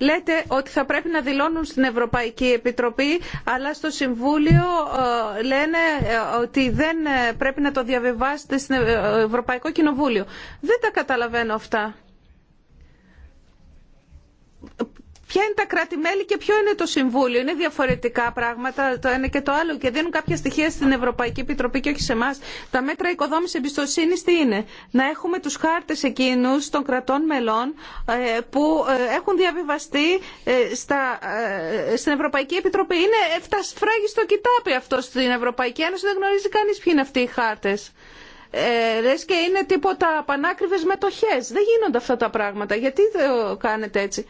λέτε ότι θα πρέπει να δηλώνουν στην Ευρωπαϊκή Επιτροπή, αλλά στο Συμβούλιο ε, λένε ε, ότι δεν ε, πρέπει να το διαβιβάσετε στην Ευρωπαϊκό Κοινοβούλιο. Δεν τα καταλαβαίνω αυτά Ποια είναι τα κράτη-μέλη και ποιο είναι το Συμβούλιο. Είναι διαφορετικά πράγματα το ένα και το άλλο και δίνουν κάποια στοιχεία στην Ευρωπαϊκή Επιτροπή και όχι σε εμά. Τα μέτρα οικοδόμηση εμπιστοσύνη τι είναι. Να έχουμε του χάρτε εκείνου των κρατών μελών ε, που ε, έχουν διαβιβαστεί ε, στα, στην Ευρωπαϊκή Επιτροπή. Είναι εφτασφράγιστο κοιτάπι αυτό στην Ευρωπαϊκή Ένωση. Δεν γνωρίζει κανεί ποιοι είναι αυτοί οι χάρτε. Ε, και είναι τίποτα πανάκριβε μετοχέ. Δεν γίνονται αυτά τα πράγματα. Γιατί το κάνετε έτσι.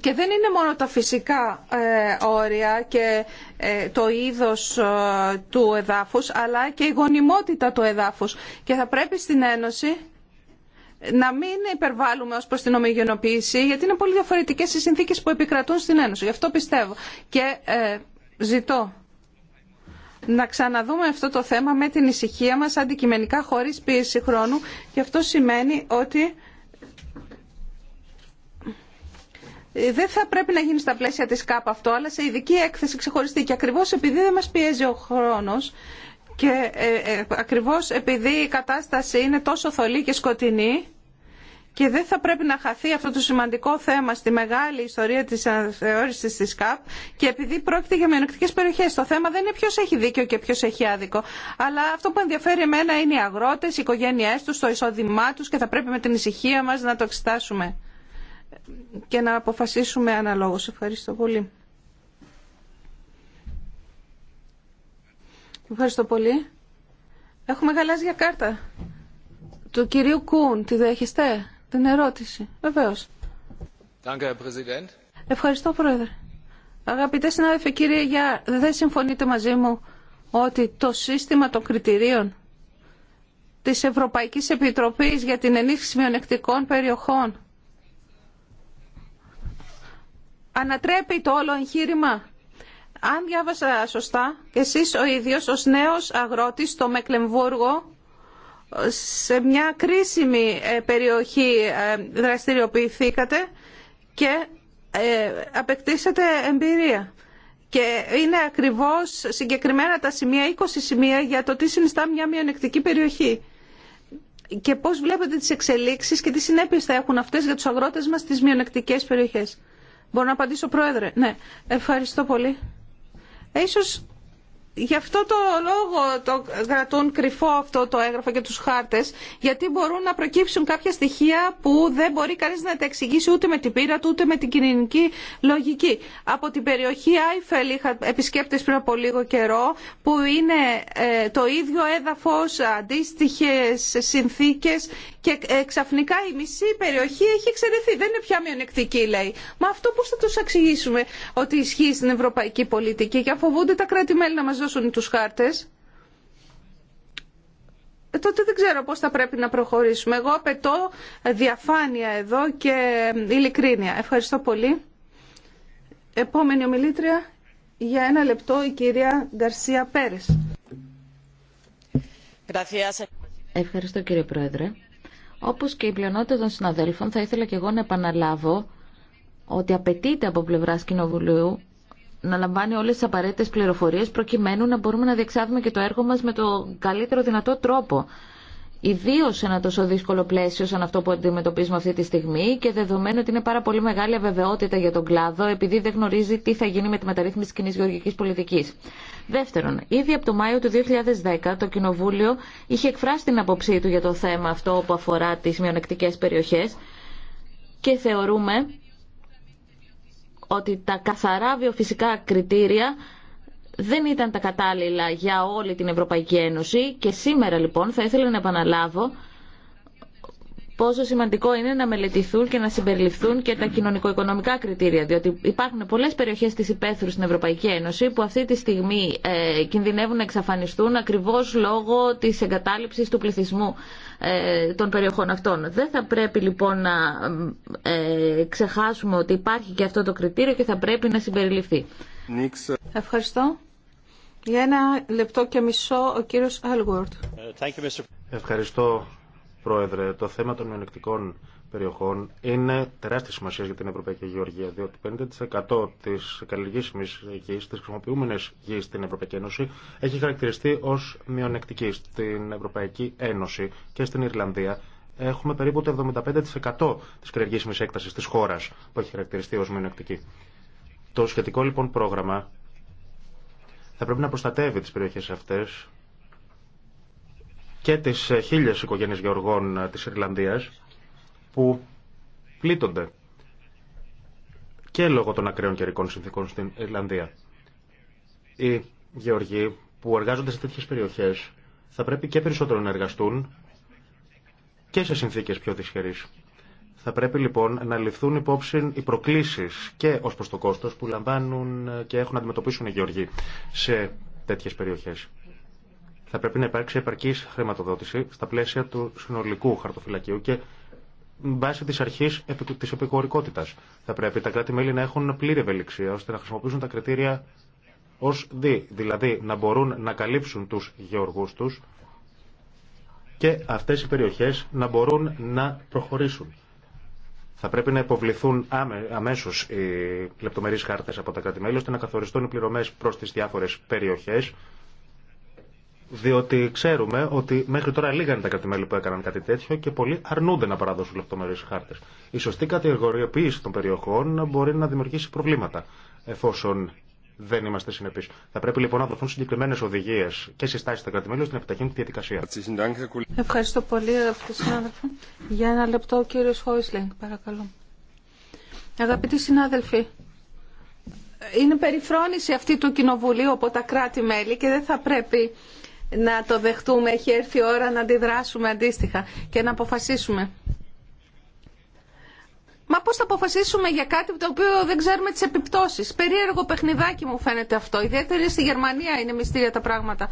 Και δεν είναι μόνο τα φυσικά ε, όρια και ε, το είδος ε, του εδάφους, αλλά και η γονιμότητα του εδάφους. Και θα πρέπει στην Ένωση να μην υπερβάλλουμε ως προς την ομιγενοποίηση γιατί είναι πολύ διαφορετικές οι συνθήκες που επικρατούν στην Ένωση. Γι' αυτό πιστεύω και ζητώ να ξαναδούμε αυτό το θέμα με την ησυχία μας, αντικειμενικά, χωρίς πίεση χρόνου. Και αυτό σημαίνει ότι δεν θα πρέπει να γίνει στα πλαίσια της ΚΑΠ αυτό, αλλά σε ειδική έκθεση ξεχωριστή. Και ακριβώς επειδή δεν μας πιέζει ο χρόνος και ε, ε, ακριβώς επειδή η κατάσταση είναι τόσο θολή και σκοτεινή και δεν θα πρέπει να χαθεί αυτό το σημαντικό θέμα στη μεγάλη ιστορία της αναθεώρησης της ΚΑΠ και επειδή πρόκειται για μειονεκτικές περιοχές. Το θέμα δεν είναι ποιος έχει δίκιο και ποιος έχει άδικο. Αλλά αυτό που ενδιαφέρει εμένα είναι οι αγρότες, οι οικογένειές τους, το εισόδημά τους και θα πρέπει με την ησυχία μας να το εξετάσουμε και να αποφασίσουμε αναλόγως. Ευχαριστώ πολύ. Ευχαριστώ πολύ. Έχουμε γαλάζια κάρτα του κυρίου Κούν. Τη δέχεστε την ερώτηση. βεβαίω. Ευχαριστώ, Πρόεδρε. Αγαπητέ συνάδελφοι, κύριε Γιάν, δεν συμφωνείτε μαζί μου ότι το σύστημα των κριτηρίων της Ευρωπαϊκής Επιτροπής για την ενίσχυση μειονεκτικών περιοχών ανατρέπει το όλο εγχείρημα. Αν διάβασα σωστά, εσείς ο ίδιος ως νέος αγρότης στο Μεκλεμβούργο σε μια κρίσιμη ε, περιοχή ε, δραστηριοποιηθήκατε και ε, απεκτήσατε εμπειρία. Και είναι ακριβώς συγκεκριμένα τα σημεία, 20 σημεία για το τι συνιστά μια μειονεκτική περιοχή. Και πώς βλέπετε τις εξελίξεις και τι συνέπειες θα έχουν αυτές για τους αγρότες μας στις μειονεκτικές περιοχές. Μπορώ να απαντήσω, Πρόεδρε. Ναι, ευχαριστώ πολύ. Ε, ίσως γι' αυτό το λόγο το κρατούν κρυφό αυτό το έγγραφο και τους χάρτες, γιατί μπορούν να προκύψουν κάποια στοιχεία που δεν μπορεί κανείς να τα εξηγήσει ούτε με την πείρα του, ούτε με την κοινωνική λογική. Από την περιοχή Άιφελ είχα επισκέπτες πριν από λίγο καιρό, που είναι ε, το ίδιο έδαφος, αντίστοιχες συνθήκες και ε, ξαφνικά η μισή περιοχή έχει εξαιρεθεί. Δεν είναι πια μειονεκτική, λέει. Μα αυτό πώ θα του εξηγήσουμε ότι ισχύει στην ευρωπαϊκή πολιτική και αφοβούνται τα κράτη-μέλη να μα δώσουν του χάρτε. Ε, τότε δεν ξέρω πώς θα πρέπει να προχωρήσουμε. Εγώ απαιτώ διαφάνεια εδώ και ε, ειλικρίνεια. Ευχαριστώ πολύ. Επόμενη ομιλήτρια, για ένα λεπτό, η κυρία Γκαρσία Πέρες. Ευχαριστώ κύριε Πρόεδρε. Όπως και η πλειονότητα των συναδέλφων, θα ήθελα και εγώ να επαναλάβω ότι απαιτείται από πλευρά Κοινοβουλίου να λαμβάνει όλες τις απαραίτητες πληροφορίες προκειμένου να μπορούμε να διεξάγουμε και το έργο μας με το καλύτερο δυνατό τρόπο. Ιδίω σε ένα τόσο δύσκολο πλαίσιο σαν αυτό που αντιμετωπίζουμε αυτή τη στιγμή και δεδομένου ότι είναι πάρα πολύ μεγάλη αβεβαιότητα για τον κλάδο επειδή δεν γνωρίζει τι θα γίνει με τη μεταρρύθμιση τη κοινή γεωργική πολιτική. Δεύτερον, ήδη από το Μάιο του 2010 το Κοινοβούλιο είχε εκφράσει την άποψή του για το θέμα αυτό που αφορά τις μειονεκτικές περιοχές και θεωρούμε ότι τα καθαρά βιοφυσικά κριτήρια δεν ήταν τα κατάλληλα για όλη την Ευρωπαϊκή Ένωση και σήμερα λοιπόν θα ήθελα να επαναλάβω πόσο σημαντικό είναι να μελετηθούν και να συμπεριληφθούν και τα κοινωνικο-οικονομικά κριτήρια. Διότι υπάρχουν πολλέ περιοχέ τη υπαίθρου στην Ευρωπαϊκή Ένωση που αυτή τη στιγμή ε, κινδυνεύουν να εξαφανιστούν ακριβώ λόγω τη εγκατάλειψη του πληθυσμού ε, των περιοχών αυτών. Δεν θα πρέπει λοιπόν να ε, ξεχάσουμε ότι υπάρχει και αυτό το κριτήριο και θα πρέπει να συμπεριληφθεί. Ευχαριστώ. Για ένα λεπτό και μισό ο κύριος Αλγουόρτ. Ε, Ευχαριστώ Πρόεδρε, το θέμα των μειονεκτικών περιοχών είναι τεράστια σημασία για την Ευρωπαϊκή Γεωργία, διότι 50% τη καλλιεργήσιμη γη, τη χρησιμοποιούμενη γη στην Ευρωπαϊκή Ένωση, έχει χαρακτηριστεί ω μειονεκτική. Στην Ευρωπαϊκή Ένωση και στην Ιρλανδία έχουμε περίπου το 75% τη καλλιεργήσιμη έκταση τη χώρα που έχει χαρακτηριστεί ω μειονεκτική. Το σχετικό λοιπόν πρόγραμμα θα πρέπει να προστατεύει τι περιοχέ αυτέ και τις ε, χίλιες οικογένειες γεωργών ε, της Ιρλανδίας που πλήττονται και λόγω των ακραίων καιρικών συνθήκων στην Ιρλανδία. Οι γεωργοί που εργάζονται σε τέτοιες περιοχές θα πρέπει και περισσότερο να εργαστούν και σε συνθήκες πιο δυσχερείς. Θα πρέπει λοιπόν να ληφθούν υπόψη οι προκλήσεις και ως προς το κόστος που λαμβάνουν ε, και έχουν να αντιμετωπίσουν οι γεωργοί σε τέτοιες περιοχές θα πρέπει να υπάρξει επαρκή χρηματοδότηση στα πλαίσια του συνολικού χαρτοφυλακίου και βάσει τη αρχή τη επικορικότητα. Θα πρέπει τα κράτη-μέλη να έχουν πλήρη ευελιξία ώστε να χρησιμοποιήσουν τα κριτήρια ω δι. Δηλαδή να μπορούν να καλύψουν του γεωργού του και αυτέ οι περιοχέ να μπορούν να προχωρήσουν. Θα πρέπει να υποβληθούν αμέσω οι λεπτομερεί χάρτε από τα κράτη-μέλη ώστε να καθοριστούν οι πληρωμέ προ τι διάφορε περιοχέ διότι ξέρουμε ότι μέχρι τώρα λίγα είναι τα κρατημέλη που έκαναν κάτι τέτοιο και πολλοί αρνούνται να παραδώσουν λεπτομερεί χάρτε. Η σωστή κατηγοριοποίηση των περιοχών μπορεί να δημιουργήσει προβλήματα, εφόσον δεν είμαστε συνεπεί. Θα πρέπει λοιπόν να δοθούν συγκεκριμένε οδηγίε και συστάσει στα κρατημέλη ώστε να επιταχύνουν τη διαδικασία. Ευχαριστώ πολύ, αγαπητοί συνάδελφοι. Για ένα λεπτό, ο κύριο Χόισλινγκ, παρακαλώ. Αγαπητοί συνάδελφοι, είναι περιφρόνηση αυτή του Κοινοβουλίου από τα κράτη-μέλη και δεν θα πρέπει να το δεχτούμε. Έχει έρθει η ώρα να αντιδράσουμε αντίστοιχα και να αποφασίσουμε. Μα πώς θα αποφασίσουμε για κάτι το οποίο δεν ξέρουμε τις επιπτώσεις. Περίεργο παιχνιδάκι μου φαίνεται αυτό. Ιδιαίτερα στη Γερμανία είναι μυστήρια τα πράγματα.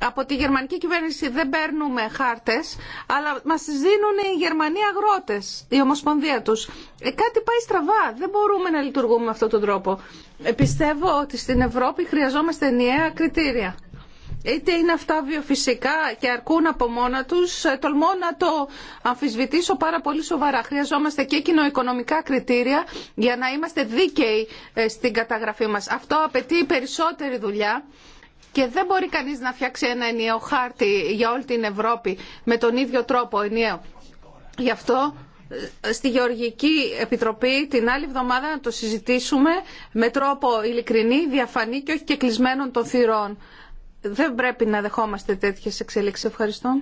Από τη γερμανική κυβέρνηση δεν παίρνουμε χάρτες, αλλά μας δίνουν οι Γερμανοί αγρότες, η Ομοσπονδία τους. Ε, κάτι πάει στραβά. Δεν μπορούμε να λειτουργούμε με αυτόν τον τρόπο. Ε, πιστεύω ότι στην Ευρώπη χρειαζόμαστε ενιαία κριτήρια είτε είναι αυτά βιοφυσικά και αρκούν από μόνα τους, ε, τολμώ να το αμφισβητήσω πάρα πολύ σοβαρά. Χρειαζόμαστε και κοινοοικονομικά κριτήρια για να είμαστε δίκαιοι ε, στην καταγραφή μας. Αυτό απαιτεί περισσότερη δουλειά. Και δεν μπορεί κανείς να φτιάξει ένα ενιαίο χάρτη για όλη την Ευρώπη με τον ίδιο τρόπο ενιαίο. Γι' αυτό ε, στη Γεωργική Επιτροπή την άλλη εβδομάδα να το συζητήσουμε με τρόπο ειλικρινή, διαφανή και όχι και κλεισμένων των θυρών δεν πρέπει να δεχόμαστε τέτοιες εξελίξεις. Ευχαριστώ.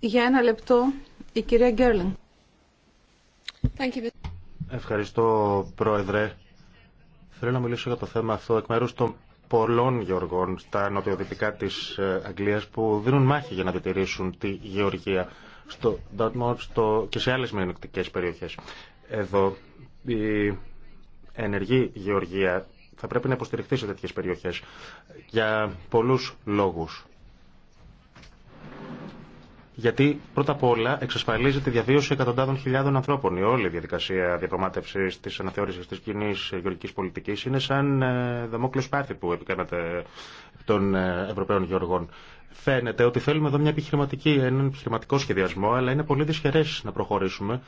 Για ένα λεπτό, η κυρία Γκέρλινγκ. Ευχαριστώ, Πρόεδρε. Θέλω να μιλήσω για το θέμα αυτό εκ μέρους των πολλών γεωργών στα νοτιοδυτικά της ε, Αγγλίας που δίνουν μάχη για να διατηρήσουν τη γεωργία στο Dartmouth στο... και σε άλλες μειονεκτικές περιοχές. Εδώ η ενεργή γεωργία θα πρέπει να υποστηριχθεί σε τέτοιες περιοχές για πολλούς λόγους. Γιατί πρώτα απ' όλα εξασφαλίζει τη διαβίωση εκατοντάδων χιλιάδων ανθρώπων. Η όλη διαδικασία διαπραγμάτευση τη αναθεώρηση τη κοινή γεωργική πολιτική είναι σαν ε, δαμόκλειο σπάθη που επικαίνεται των ε, Ευρωπαίων Γεωργών. Φαίνεται ότι θέλουμε εδώ μια επιχειρηματική, έναν επιχειρηματικό σχεδιασμό, αλλά είναι πολύ δυσχερέ να προχωρήσουμε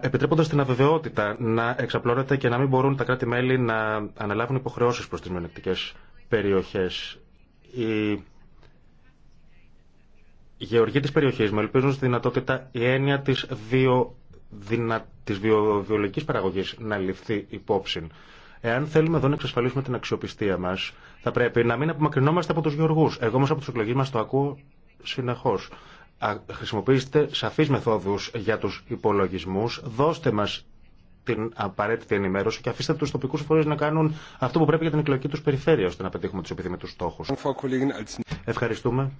επιτρέποντας την αβεβαιότητα να εξαπλώνεται και να μην μπορούν τα κράτη-μέλη να αναλάβουν υποχρεώσεις προς τις μειονεκτικές περιοχές. Οι γεωργοί της περιοχής με ελπίζουν στη δυνατότητα η έννοια της, βιο... δυνα... βιο... παραγωγής να ληφθεί υπόψη. Εάν θέλουμε εδώ να εξασφαλίσουμε την αξιοπιστία μας, θα πρέπει να μην απομακρυνόμαστε από τους γεωργούς. Εγώ όμως από τους εκλογείς μας το ακούω συνεχώς χρησιμοποιήστε σαφείς μεθόδους για τους υπολογισμούς, δώστε μας την απαραίτητη ενημέρωση και αφήστε τους τοπικούς φορείς να κάνουν αυτό που πρέπει για την εκλογική τους περιφέρεια ώστε να πετύχουμε τους επιθυμητούς στόχους. Ευχαριστούμε.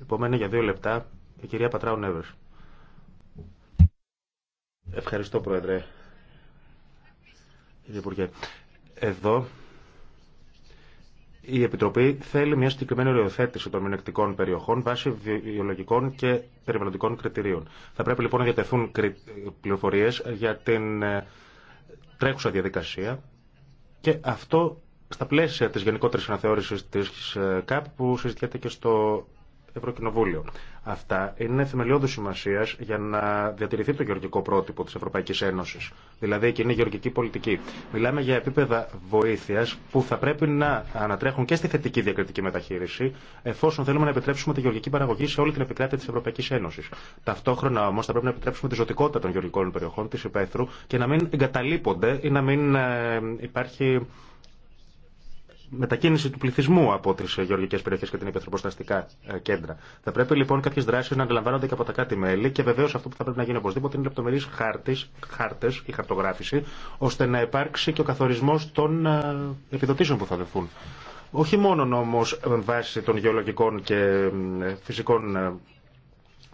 Επομένη για δύο λεπτά η κυρία Πατράου Νέβερ. Ευχαριστώ, Πρόεδρε. Κύριε Υπουργέ. Εδώ η Επιτροπή θέλει μια συγκεκριμένη οριοθέτηση των μειονεκτικών περιοχών βάσει βιολογικών και περιβαλλοντικών κριτηρίων. Θα πρέπει λοιπόν να διατεθούν πληροφορίε για την ε, τρέχουσα διαδικασία και αυτό στα πλαίσια της γενικότερης αναθεώρησης της ε, ΚΑΠ που συζητιέται και στο Ευρωκοινοβούλιο. Αυτά είναι θεμελιώδη σημασία για να διατηρηθεί το γεωργικό πρότυπο τη Ευρωπαϊκή Ένωση, δηλαδή η κοινή γεωργική πολιτική. Μιλάμε για επίπεδα βοήθεια που θα πρέπει να ανατρέχουν και στη θετική διακριτική μεταχείριση, εφόσον θέλουμε να επιτρέψουμε τη γεωργική παραγωγή σε όλη την επικράτεια τη Ευρωπαϊκή Ένωση. Ταυτόχρονα όμω θα πρέπει να επιτρέψουμε τη ζωτικότητα των γεωργικών περιοχών τη υπαίθρου και να μην εγκαταλείπονται ή να μην ε, υπάρχει μετακίνηση του πληθυσμού από τι γεωργικέ περιοχέ και την υπεθροποσταστικά ε, κέντρα. Θα πρέπει λοιπόν κάποιε δράσει να αντιλαμβάνονται και από τα κάτι μέλη και βεβαίω αυτό που θα πρέπει να γίνει οπωσδήποτε είναι λεπτομερεί χάρτε, η χαρτογράφηση, ώστε να υπάρξει και ο καθορισμό των ε, επιδοτήσεων που θα δεθούν. Όχι μόνο όμω βάσει των γεωλογικών και ε, φυσικών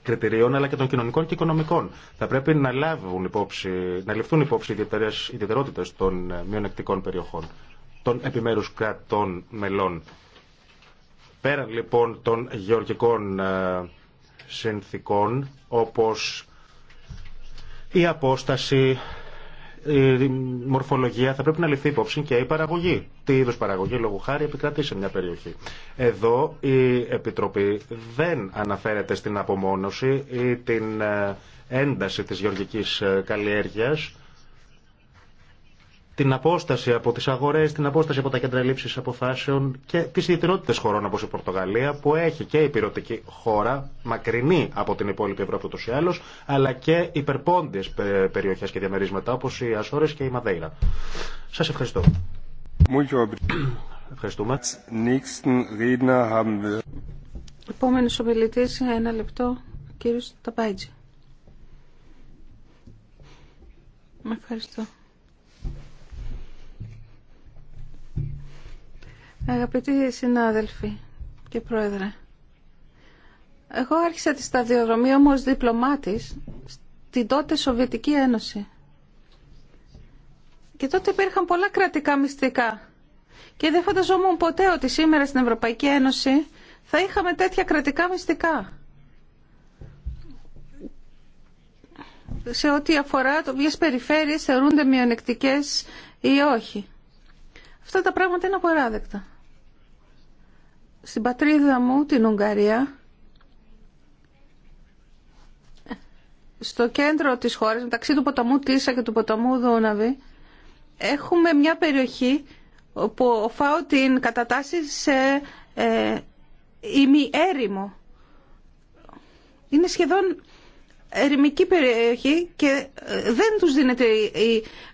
κριτηρίων αλλά και των κοινωνικών και οικονομικών. Θα πρέπει να, λάβουν υπόψη, να ληφθούν υπόψη οι ιδιαιτερότητε των μειονεκτικών περιοχών των επιμέρους κρατών μελών. Πέραν λοιπόν των γεωργικών ε, συνθήκων όπως η απόσταση, η μορφολογία θα πρέπει να ληφθεί υπόψη και η παραγωγή. Τι είδους παραγωγή λόγω χάρη επικρατεί σε μια περιοχή. Εδώ η Επιτροπή δεν αναφέρεται στην απομόνωση ή την ε, ένταση της γεωργικής ε, καλλιέργειας την απόσταση από τις αγορές, την απόσταση από τα κέντρα λήψης αποφάσεων και τις ιδιαιτερότητε χωρών όπω η Πορτογαλία που έχει και υπηρετική χώρα μακρινή από την υπόλοιπη Ευρώπη ούτω ή άλλω, αλλά και υπερπόντιες περιοχές και διαμερίσματα όπως οι Ασόρες και η Μαδέιρα. Σας ευχαριστώ. Ευχαριστούμε. Επόμενος ομιλητή, ένα λεπτό, κύριο Ταπάιτζη. ευχαριστώ. Αγαπητοί συνάδελφοι και πρόεδρε, εγώ άρχισα τη σταδιοδρομή μου ως διπλωμάτης στην τότε Σοβιετική Ένωση. Και τότε υπήρχαν πολλά κρατικά μυστικά. Και δεν φανταζόμουν ποτέ ότι σήμερα στην Ευρωπαϊκή Ένωση θα είχαμε τέτοια κρατικά μυστικά. σε ό,τι αφορά το ποιε περιφέρειες θεωρούνται μειονεκτικές ή όχι. Αυτά τα πράγματα είναι απαράδεκτα. Στην πατρίδα μου, την Ουγγαρία, στο κέντρο της χώρας, μεταξύ του ποταμού Τίσα και του ποταμού Δούναβη, έχουμε μια περιοχή που ο την κατατάσσει σε ε, ημιέρημο. Είναι σχεδόν ερημική περιοχή και ε, δεν τους δίνεται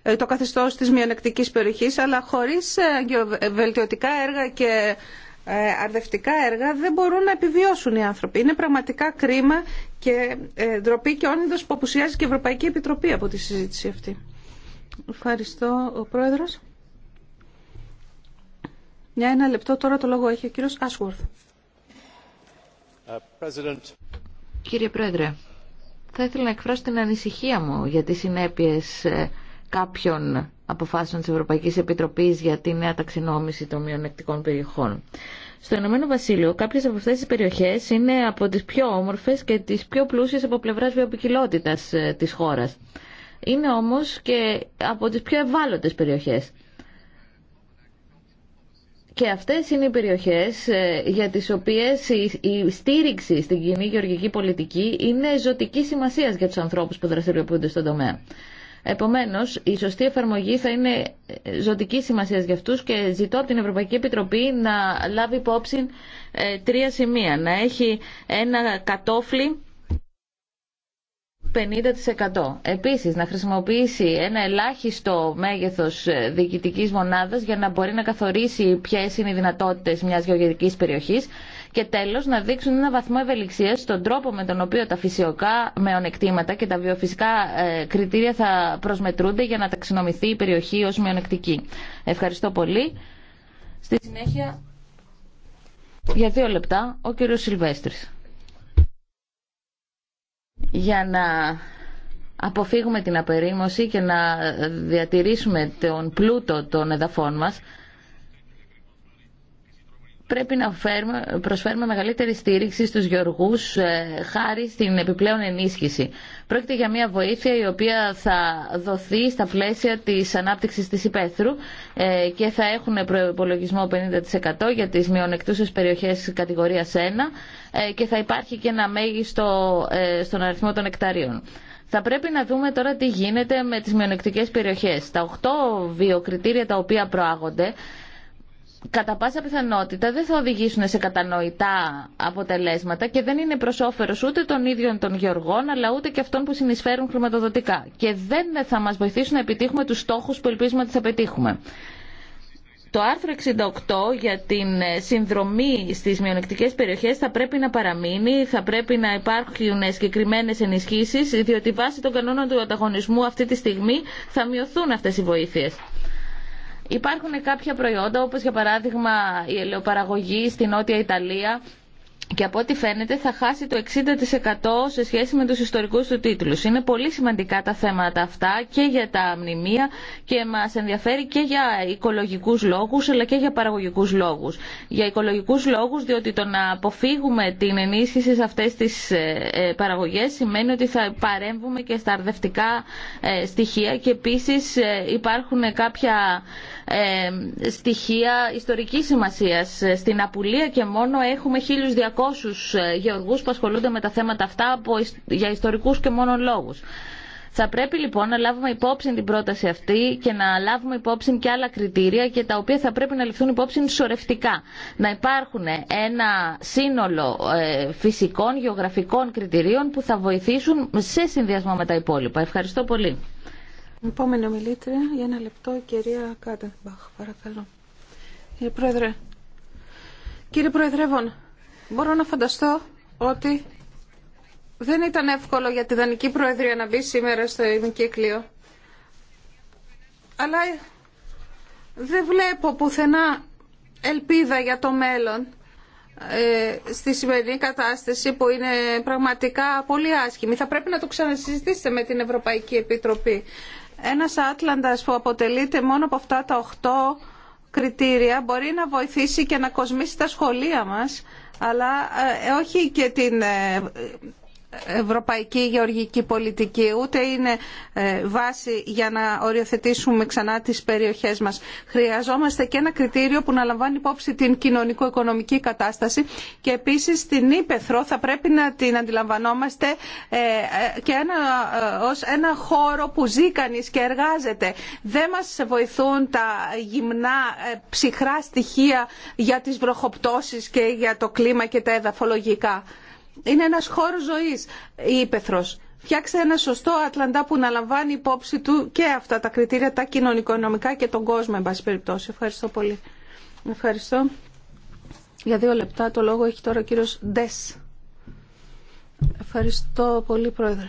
ε, το καθεστώς της μειονεκτικής περιοχής, αλλά χωρίς ε, βελτιωτικά έργα και ε, αρδευτικά έργα δεν μπορούν να επιβιώσουν οι άνθρωποι. Είναι πραγματικά κρίμα και ε, ντροπή και όνειδος που αποουσιάζει και η Ευρωπαϊκή Επιτροπή από τη συζήτηση αυτή. Ευχαριστώ ο Πρόεδρος. Για ένα λεπτό τώρα το λόγο έχει ο κύριος Άσχουρθ. Ε, Κύριε Πρόεδρε, θα ήθελα να εκφράσω την ανησυχία μου για τις συνέπειες κάποιων αποφάσεων της Ευρωπαϊκής Επιτροπής για τη νέα ταξινόμηση των μειονεκτικών περιοχών. Στο Ηνωμένο Βασίλειο κάποιες από αυτές τις περιοχές είναι από τις πιο όμορφες και τις πιο πλούσιες από πλευράς βιοποικιλότητας ε, της χώρας. Είναι όμως και από τις πιο ευάλωτες περιοχές. Και αυτές είναι οι περιοχές ε, για τις οποίες η στήριξη στην κοινή γεωργική πολιτική είναι ζωτική σημασία για τους ανθρώπους που δραστηριοποιούνται στον τομέα. Επομένως, η σωστή εφαρμογή θα είναι ζωτική σημασία για αυτούς και ζητώ από την Ευρωπαϊκή Επιτροπή να λάβει υπόψη ε, τρία σημεία. Να έχει ένα κατόφλι 50%. Επίσης, να χρησιμοποιήσει ένα ελάχιστο μέγεθος ε, διοικητικής μονάδας για να μπορεί να καθορίσει ποιες είναι οι δυνατότητες μιας γεωγετικής περιοχής και τέλος να δείξουν ένα βαθμό ευελιξίας στον τρόπο με τον οποίο τα φυσικά μεονεκτήματα και τα βιοφυσικά ε, κριτήρια θα προσμετρούνται για να ταξινομηθεί η περιοχή ως μειονεκτική. Ευχαριστώ πολύ. Στη συνέχεια, για δύο λεπτά, ο κύριος Σιλβέστρης. Για να αποφύγουμε την απερίμωση και να διατηρήσουμε τον πλούτο των εδαφών μας, πρέπει να προσφέρουμε μεγαλύτερη στήριξη στους γεωργούς ε, χάρη στην επιπλέον ενίσχυση. Πρόκειται για μια βοήθεια η οποία θα δοθεί στα πλαίσια της ανάπτυξης της υπαίθρου ε, και θα έχουν προϋπολογισμό 50% για τις μειονεκτούσες περιοχές κατηγορίας 1 ε, και θα υπάρχει και ένα μέγιστο στον αριθμό των εκταρίων. Θα πρέπει να δούμε τώρα τι γίνεται με τις μειονεκτικές περιοχές. Τα 8 βιοκριτήρια τα οποία προάγονται κατά πάσα πιθανότητα δεν θα οδηγήσουν σε κατανοητά αποτελέσματα και δεν είναι προ όφελο ούτε των ίδιων των γεωργών αλλά ούτε και αυτών που συνεισφέρουν χρηματοδοτικά. Και δεν θα μα βοηθήσουν να επιτύχουμε του στόχου που ελπίζουμε ότι θα πετύχουμε. Το άρθρο 68 για την ε, συνδρομή στις μειονεκτικές περιοχές θα πρέπει να παραμείνει, θα πρέπει να υπάρχουν ε, συγκεκριμένε ενισχύσεις, διότι βάσει των κανόνων του ανταγωνισμού αυτή τη στιγμή θα μειωθούν αυτές οι βοήθειες. Υπάρχουν κάποια προϊόντα όπως για παράδειγμα η ελαιοπαραγωγή στην Νότια Ιταλία και από ό,τι φαίνεται θα χάσει το 60% σε σχέση με τους ιστορικούς του τίτλους. Είναι πολύ σημαντικά τα θέματα αυτά και για τα μνημεία και μας ενδιαφέρει και για οικολογικούς λόγους αλλά και για παραγωγικούς λόγους. Για οικολογικούς λόγους διότι το να αποφύγουμε την ενίσχυση σε αυτές τις ε, ε, παραγωγές σημαίνει ότι θα παρέμβουμε και στα αρδευτικά ε, στοιχεία και επίσης υπάρχουν κάποια ε, στοιχεία ιστορικής σημασίας. Στην Απουλία και μόνο έχουμε 1.200 ε, γεωργούς που ασχολούνται με τα θέματα αυτά για ιστορικούς και μόνο λόγους. Θα πρέπει λοιπόν να λάβουμε υπόψη την πρόταση αυτή και να λάβουμε υπόψη και άλλα κριτήρια και τα οποία θα πρέπει να ληφθούν υπόψη σωρευτικά. Να υπάρχουν ένα σύνολο ε, φυσικών, γεωγραφικών κριτηρίων που θα βοηθήσουν σε συνδυασμό με τα υπόλοιπα. Ευχαριστώ πολύ. Επόμενη ομιλήτρια για ένα λεπτό, η κυρία Κάντεμπαχ, παρακαλώ. Κύριε Πρόεδρε, κύριε Προεδρεύον, μπορώ να φανταστώ ότι δεν ήταν εύκολο για τη Δανική Προεδρία να μπει σήμερα στο ημικύκλιο. Αλλά δεν βλέπω πουθενά ελπίδα για το μέλλον ε, στη σημερινή κατάσταση που είναι πραγματικά πολύ άσχημη. Θα πρέπει να το ξανασυζητήσετε με την Ευρωπαϊκή Επιτροπή ένας Άτλαντας που αποτελείται μόνο από αυτά τα οχτώ κριτήρια μπορεί να βοηθήσει και να κοσμήσει τα σχολεία μας αλλά ε, όχι και την ε, ευρωπαϊκή γεωργική πολιτική, ούτε είναι ε, βάση για να οριοθετήσουμε ξανά τις περιοχές μας. Χρειαζόμαστε και ένα κριτήριο που να λαμβάνει υπόψη την κοινωνικο-οικονομική κατάσταση και επίσης την Ήπεθρο θα πρέπει να την αντιλαμβανόμαστε ε, ε, και ένα, ως ένα χώρο που ζει κανείς και εργάζεται. Δεν μας βοηθούν τα γυμνά ψυχρά στοιχεία για τις βροχοπτώσεις και για το κλίμα και τα εδαφολογικά είναι ένας χώρος ζωής η Ήπεθρος. Φτιάξε ένα σωστό Ατλαντά που να λαμβάνει υπόψη του και αυτά τα κριτήρια, τα κοινωνικονομικά και τον κόσμο, εν πάση περιπτώσει. Ευχαριστώ πολύ. Ευχαριστώ. Για δύο λεπτά το λόγο έχει τώρα ο κύριος Ντες. Ευχαριστώ πολύ, Πρόεδρε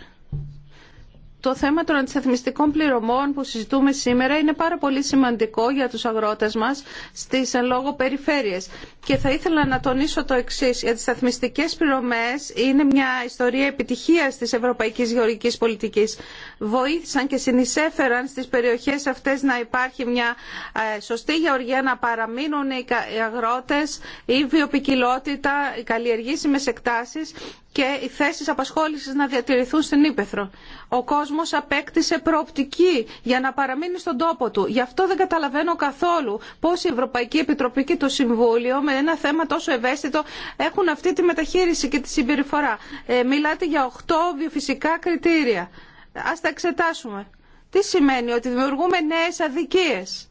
το θέμα των αντισταθμιστικών πληρωμών που συζητούμε σήμερα είναι πάρα πολύ σημαντικό για τους αγρότες μας στις εν λόγω περιφέρειες. Και θα ήθελα να τονίσω το εξή. Οι αντισταθμιστικέ πληρωμές είναι μια ιστορία επιτυχία τη Ευρωπαϊκή γεωργική Πολιτική. Βοήθησαν και συνεισέφεραν στι περιοχέ αυτέ να υπάρχει μια ε, σωστή γεωργία, να παραμείνουν οι αγρότε ή η βιοπικιλότητα, οι καλλιεργήσιμε εκτάσει και οι θέσει απασχόληση να διατηρηθούν στην Ήπεθρο. Ο κόσμος απέκτησε προοπτική για να παραμείνει στον τόπο του. Γι' αυτό δεν καταλαβαίνω καθόλου πώς η Ευρωπαϊκή Επιτροπή και το Συμβούλιο με ένα θέμα τόσο ευαίσθητο έχουν αυτή τη μεταχείριση και τη συμπεριφορά. Ε, μιλάτε για 8 βιοφυσικά κριτήρια. Ας τα εξετάσουμε. Τι σημαίνει ότι δημιουργούμε νέες αδικίες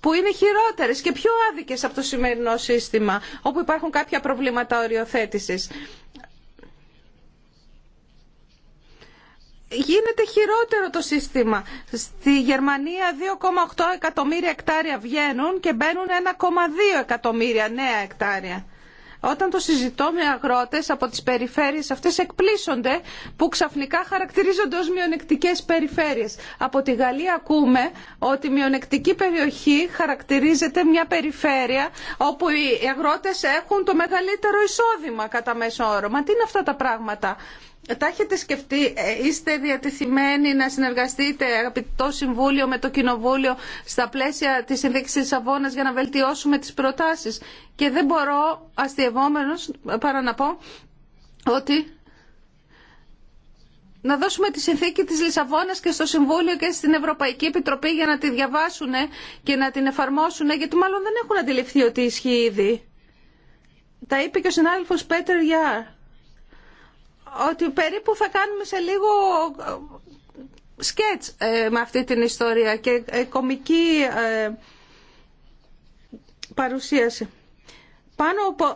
που είναι χειρότερες και πιο άδικες από το σημερινό σύστημα, όπου υπάρχουν κάποια προβλήματα οριοθέτησης. γίνεται χειρότερο το σύστημα. Στη Γερμανία 2,8 εκατομμύρια εκτάρια βγαίνουν και μπαίνουν 1,2 εκατομμύρια νέα εκτάρια. Όταν το συζητώ με αγρότες από τις περιφέρειες αυτές εκπλήσονται που ξαφνικά χαρακτηρίζονται ως μειονεκτικές περιφέρειες. Από τη Γαλλία ακούμε ότι μειονεκτική περιοχή χαρακτηρίζεται μια περιφέρεια όπου οι αγρότες έχουν το μεγαλύτερο εισόδημα κατά μέσο όρο. Μα τι είναι αυτά τα πράγματα. Τα έχετε σκεφτεί, ε, είστε διατεθειμένοι να συνεργαστείτε αγαπητό Συμβούλιο με το Κοινοβούλιο στα πλαίσια της συνθήκης της Αβώνας για να βελτιώσουμε τις προτάσεις. Και δεν μπορώ αστειευόμενος παρά να πω ότι να δώσουμε τη συνθήκη της Λισαβόνας και στο Συμβούλιο και στην Ευρωπαϊκή Επιτροπή για να τη διαβάσουν και να την εφαρμόσουν, γιατί μάλλον δεν έχουν αντιληφθεί ότι ισχύει ήδη. Τα είπε και ο συνάδελφος Πέτερ Γιάρ ότι περίπου θα κάνουμε σε λίγο ε, σκέτς ε, με αυτή την ιστορία και ε, κομική παρουσίαση. Πάνω από 66%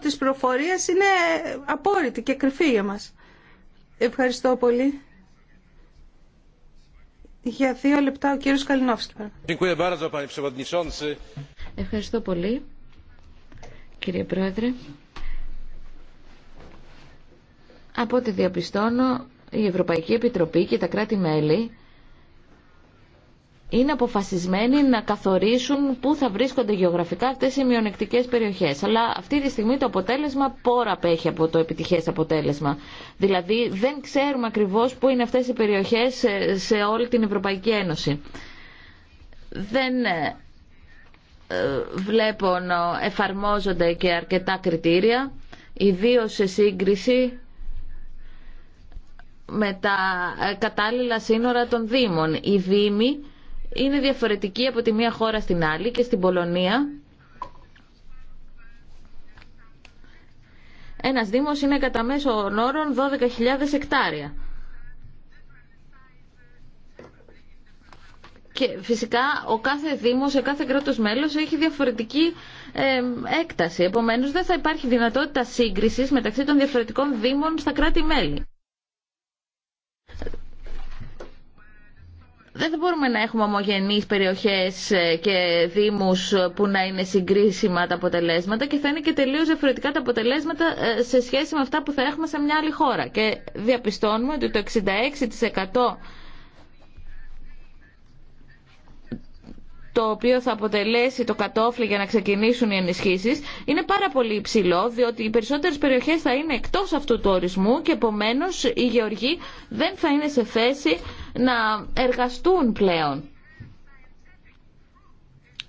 της προφορίας είναι απόρριτη και κρυφή για μας. Ευχαριστώ πολύ. Για δύο λεπτά ο κύριος Καλινόφσκι. Ευχαριστώ πολύ, κύριε Πρόεδρε. Από ό,τι διαπιστώνω, η Ευρωπαϊκή Επιτροπή και τα κράτη-μέλη είναι αποφασισμένοι να καθορίσουν πού θα βρίσκονται γεωγραφικά αυτές οι μειονεκτικές περιοχές. Αλλά αυτή τη στιγμή το αποτέλεσμα πόρα απέχει από το επιτυχές αποτέλεσμα. Δηλαδή δεν ξέρουμε ακριβώς πού είναι αυτές οι περιοχές ε, σε όλη την Ευρωπαϊκή Ένωση. Δεν ε, ε, βλέπω να εφαρμόζονται και αρκετά κριτήρια, ιδίως σε σύγκριση με τα ε, κατάλληλα σύνορα των Δήμων. Οι Δήμοι είναι διαφορετικοί από τη μία χώρα στην άλλη και στην Πολωνία. Ένας Δήμος είναι κατά μέσο όρων 12.000 εκτάρια. Και φυσικά ο κάθε Δήμος, σε κάθε κράτος μέλος έχει διαφορετική έκταση. Επομένως δεν θα υπάρχει δυνατότητα σύγκρισης μεταξύ των διαφορετικών Δήμων στα κράτη-μέλη. δεν θα μπορούμε να έχουμε ομογενείς περιοχές ε, και δήμους ε, που να είναι συγκρίσιμα τα αποτελέσματα και θα είναι και τελείως διαφορετικά τα αποτελέσματα ε, σε σχέση με αυτά που θα έχουμε σε μια άλλη χώρα. Και διαπιστώνουμε ότι το 66% το οποίο θα αποτελέσει το κατόφλι για να ξεκινήσουν οι ενισχύσεις, είναι πάρα πολύ υψηλό, διότι οι περισσότερες περιοχές θα είναι εκτός αυτού του ορισμού και επομένως οι γεωργοί δεν θα είναι σε θέση να εργαστούν πλέον.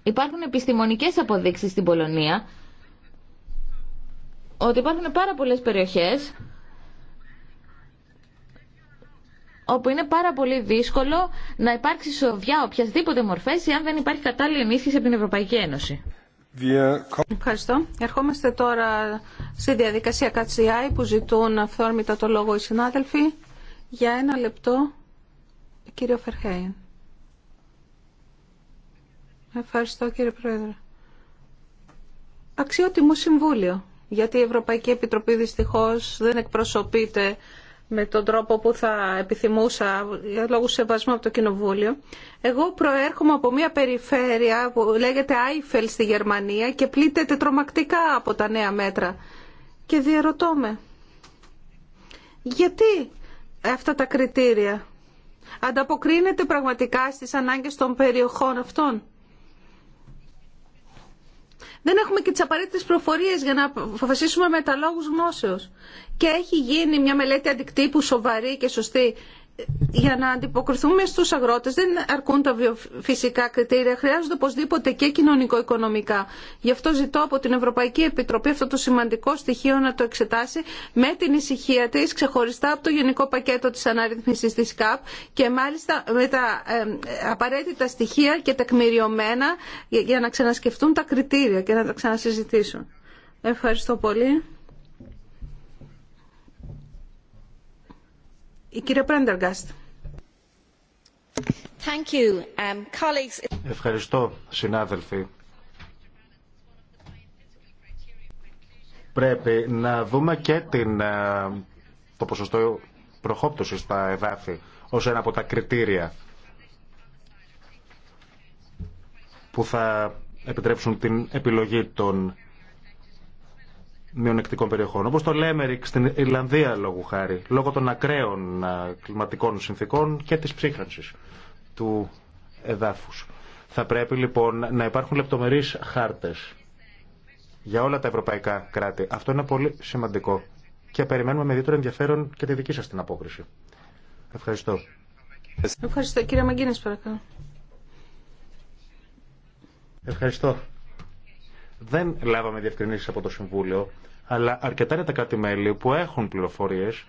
Υπάρχουν επιστημονικές αποδείξεις στην Πολωνία ότι υπάρχουν πάρα πολλές περιοχές όπου είναι πάρα πολύ δύσκολο να υπάρξει σοβιά οποιασδήποτε μορφέ, αν δεν υπάρχει κατάλληλη ενίσχυση από την Ευρωπαϊκή Ένωση. Ευχαριστώ. Ερχόμαστε τώρα στη διαδικασία ΚΑΤΣΙΑΙ που ζητούν αυθόρμητα το λόγο οι συνάδελφοι. Για ένα λεπτό, κύριο Φερχέιν. Ευχαριστώ κύριε Πρόεδρε. Αξιότιμο Συμβούλιο, γιατί η Ευρωπαϊκή Επιτροπή δυστυχώς δεν εκπροσωπείται με τον τρόπο που θα επιθυμούσα λόγω σεβασμού από το Κοινοβούλιο. Εγώ προέρχομαι από μια περιφέρεια που λέγεται Άιφελ στη Γερμανία και πλήττεται τρομακτικά από τα νέα μέτρα. Και διαρωτώ με, γιατί αυτά τα κριτήρια ανταποκρίνεται πραγματικά στις ανάγκες των περιοχών αυτών δεν έχουμε και τι απαραίτητε προφορίες για να αποφασίσουμε με τα λόγου γνώσεως. Και έχει γίνει μια μελέτη αντικτύπου σοβαρή και σωστή για να αντιποκριθούμε στους αγρότες δεν αρκούν τα βιοφυσικά κριτήρια, χρειάζονται οπωσδήποτε και κοινωνικο-οικονομικά. Γι' αυτό ζητώ από την Ευρωπαϊκή Επιτροπή αυτό το σημαντικό στοιχείο να το εξετάσει με την ησυχία της ξεχωριστά από το γενικό πακέτο της αναρρύθμισης της ΚΑΠ και μάλιστα με τα ε, απαραίτητα στοιχεία και τεκμηριωμένα για να ξανασκεφτούν τα κριτήρια και να τα ξανασυζητήσουν. Ευχαριστώ πολύ. Η κυρία Πρέντεργαστ. Um, Ευχαριστώ, συνάδελφοι. Πρέπει να δούμε και την, ε, το ποσοστό προχώπτωσης στα εδάφη ως ένα από τα κριτήρια που θα επιτρέψουν την επιλογή των μειονεκτικών περιοχών. Όπω το Λέμερικ στην Ιρλανδία λόγω χάρη, λόγω των ακραίων κλιματικών συνθήκων και τη ψύχρανσης του εδάφου. Θα πρέπει λοιπόν να υπάρχουν λεπτομερεί χάρτε για όλα τα ευρωπαϊκά κράτη. Αυτό είναι πολύ σημαντικό και περιμένουμε με ιδιαίτερο ενδιαφέρον και τη δική σα την απόκριση. Ευχαριστώ. Ευχαριστώ. Κύριε παρακαλώ. Ευχαριστώ. Δεν λάβαμε διευκρινήσει από το Συμβούλιο, αλλά αρκετά είναι τα κράτη-μέλη που έχουν πληροφορίες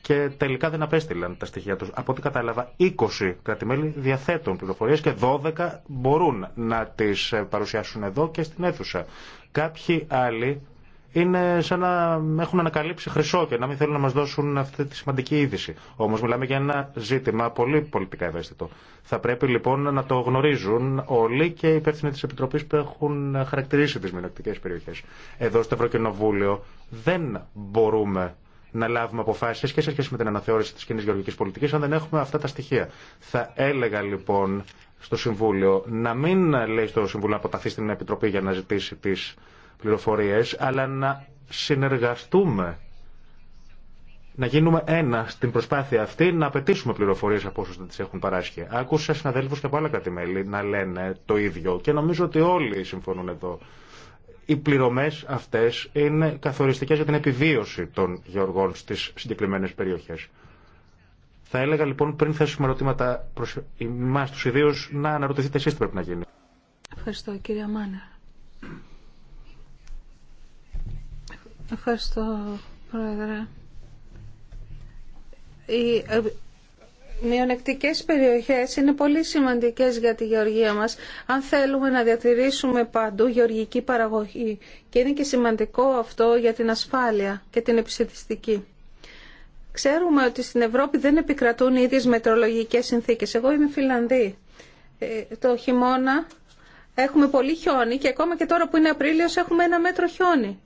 και τελικά δεν απέστειλαν τα στοιχεία τους. Από ό,τι κατάλαβα, 20 κράτη-μέλη διαθέτουν πληροφορίες και 12 μπορούν να τις παρουσιάσουν εδώ και στην αίθουσα. Κάποιοι άλλοι είναι σαν να έχουν ανακαλύψει χρυσό και να μην θέλουν να μα δώσουν αυτή τη σημαντική είδηση. Όμω μιλάμε για ένα ζήτημα πολύ πολιτικά ευαίσθητο. Θα πρέπει λοιπόν να το γνωρίζουν όλοι και οι υπεύθυνοι τη Επιτροπή που έχουν χαρακτηρίσει τι μειονεκτικέ περιοχέ. Εδώ στο Ευρωκοινοβούλιο δεν μπορούμε να λάβουμε αποφάσει και σε σχέση με την αναθεώρηση τη κοινή γεωργική πολιτική αν δεν έχουμε αυτά τα στοιχεία. Θα έλεγα λοιπόν στο Συμβούλιο να μην λέει στο Συμβούλιο να αποταθεί στην Επιτροπή για να ζητήσει τις πληροφορίες, αλλά να συνεργαστούμε, να γίνουμε ένα στην προσπάθεια αυτή να απαιτήσουμε πληροφορίες από όσους δεν τις έχουν παράσχει. Άκουσα συναδέλφους και από άλλα κρατημέλη να λένε το ίδιο και νομίζω ότι όλοι συμφωνούν εδώ. Οι πληρωμές αυτές είναι καθοριστικές για την επιβίωση των γεωργών στις συγκεκριμένες περιοχές. Θα έλεγα λοιπόν πριν θέσουμε ερωτήματα προς εμάς τους ιδίους να αναρωτηθείτε εσείς τι πρέπει να γίνει. Ευχαριστώ κύριε Μάνερ. Ευχαριστώ, Πρόεδρε. Οι ε, μειονεκτικές περιοχές είναι πολύ σημαντικές για τη γεωργία μας αν θέλουμε να διατηρήσουμε παντού γεωργική παραγωγή και είναι και σημαντικό αυτό για την ασφάλεια και την επιστημιστική. Ξέρουμε ότι στην Ευρώπη δεν επικρατούν οι ίδιες μετρολογικές συνθήκες. Εγώ είμαι Φιλανδή. Ε, το χειμώνα έχουμε πολύ χιόνι και ακόμα και τώρα που είναι Απρίλιος έχουμε ένα μέτρο χιόνι.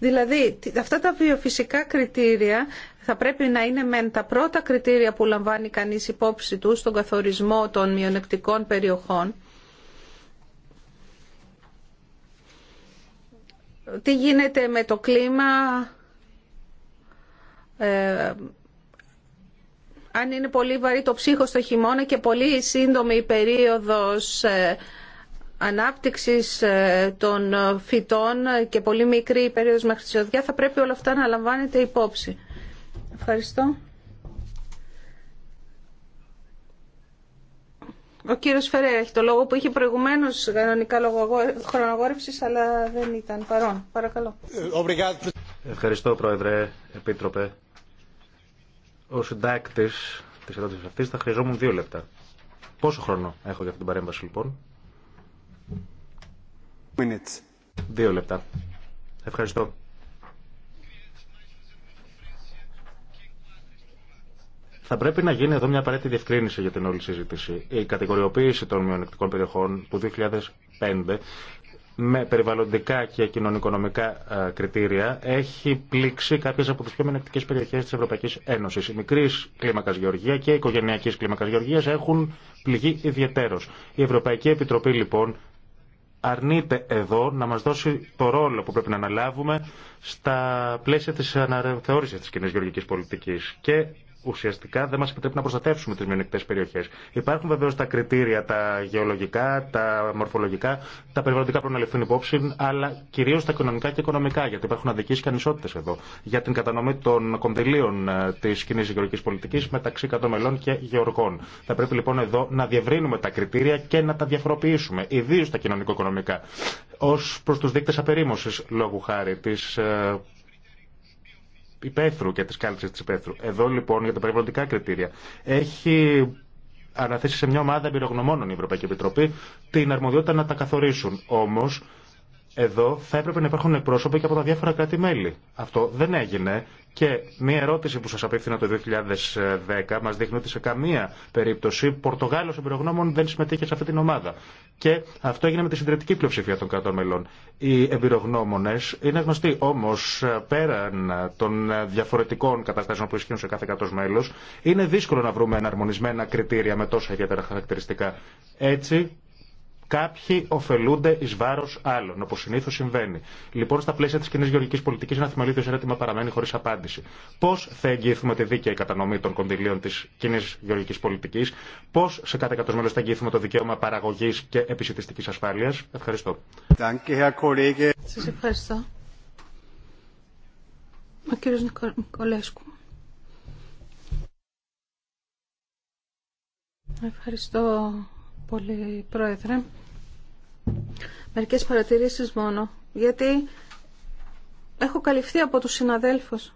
Δηλαδή, αυτά τα βιοφυσικά κριτήρια θα πρέπει να είναι μεν τα πρώτα κριτήρια που λαμβάνει κανείς υπόψη του στον καθορισμό των μειονεκτικών περιοχών. Τι γίνεται με το κλίμα, ε, αν είναι πολύ βαρύ το ψύχο στο χειμώνα και πολύ σύντομη η περίοδος ε, ανάπτυξης ε, των φυτών και πολύ μικρή η περίοδος μέχρι τη θα πρέπει όλα αυτά να λαμβάνεται υπόψη. Ευχαριστώ. Ο κύριος Φερέα έχει το λόγο που είχε προηγουμένως κανονικά λόγω χρονογόρευσης, αλλά δεν ήταν παρόν. Παρακαλώ. Ευχαριστώ, Πρόεδρε, Επίτροπε. Ο συντάκτης της ερώτησης αυτής θα χρειαζόμουν δύο λεπτά. Πόσο χρόνο έχω για αυτή την παρέμβαση, λοιπόν. Δύο λεπτά. Ευχαριστώ. Θα πρέπει να γίνει εδώ μια απαραίτητη διευκρίνηση για την όλη συζήτηση. Η κατηγοριοποίηση των μειονεκτικών περιοχών του 2005 με περιβαλλοντικά και κοινωνικονομικά κριτήρια έχει πλήξει κάποιε από τι πιο μειονεκτικές περιοχές της Ευρωπαϊκής Ένωσης. Η μικρή κλίμακα γεωργία και η οικογενειακή κλίμακα γεωργίας έχουν πληγεί ιδιαίτερω. Η Ευρωπαϊκή Επιτροπή λοιπόν αρνείται εδώ να μας δώσει το ρόλο που πρέπει να αναλάβουμε στα πλαίσια της αναθεώρησης της κοινή γεωργικής πολιτικής και ουσιαστικά δεν μα επιτρέπει να προστατεύσουμε τι μειονεκτέ περιοχέ. Υπάρχουν βεβαίω τα κριτήρια, τα γεωλογικά, τα μορφολογικά, τα περιβαλλοντικά πρέπει να υπόψη, αλλά κυρίω τα οικονομικά και οικονομικά, γιατί υπάρχουν αδικίε και ανισότητε εδώ. Για την κατανομή των κονδυλίων ε, τη κοινή γεωλογική πολιτική μεταξύ κατομελών και γεωργών. Θα πρέπει λοιπόν εδώ να διευρύνουμε τα κριτήρια και να τα διαφοροποιήσουμε, ιδίω τα κοινωνικο-οικονομικά. Ω προ του δείκτε απερίμωση, λόγου χάρη τη ε, υπαίθρου και τη κάλυψη τη υπαίθρου. Εδώ λοιπόν για τα περιβαλλοντικά κριτήρια έχει αναθέσει σε μια ομάδα εμπειρογνωμόνων η Ευρωπαϊκή Επιτροπή την αρμοδιότητα να τα καθορίσουν. Όμω εδώ θα έπρεπε να υπάρχουν πρόσωποι και από τα διάφορα κράτη-μέλη. Αυτό δεν έγινε και μία ερώτηση που σας απίφθηνα το 2010 μας δείχνει ότι σε καμία περίπτωση Πορτογάλος εμπειρογνώμων δεν συμμετείχε σε αυτή την ομάδα. Και αυτό έγινε με τη συντηρητική πλειοψηφία των κρατών μελών. Οι εμπειρογνώμονε είναι γνωστοί, Όμω, πέραν των διαφορετικών καταστάσεων που ισχύουν σε κάθε κράτο μέλο, είναι δύσκολο να βρούμε εναρμονισμένα κριτήρια με τόσα ιδιαίτερα χαρακτηριστικά. Έτσι, Κάποιοι ωφελούνται ει βάρο άλλων, όπω συνήθω συμβαίνει. Λοιπόν, στα πλαίσια τη κοινή γεωργική πολιτική, ένα θεμελίδιο ερώτημα παραμένει χωρί απάντηση. Πώ θα εγγυηθούμε τη δίκαιη κατανομή των κονδυλίων τη κοινή γεωργική πολιτική, πώ σε κάθε εκατό μέλο θα εγγυηθούμε το δικαίωμα παραγωγή και επισητιστική ασφάλεια. Ευχαριστώ. Σα ευχαριστώ. Ο κύριος Νικολέσκου. Ευχαριστώ πολύ, Πρόεδρε. Μερικές παρατηρήσεις μόνο, γιατί έχω καλυφθεί από τους συναδέλφους.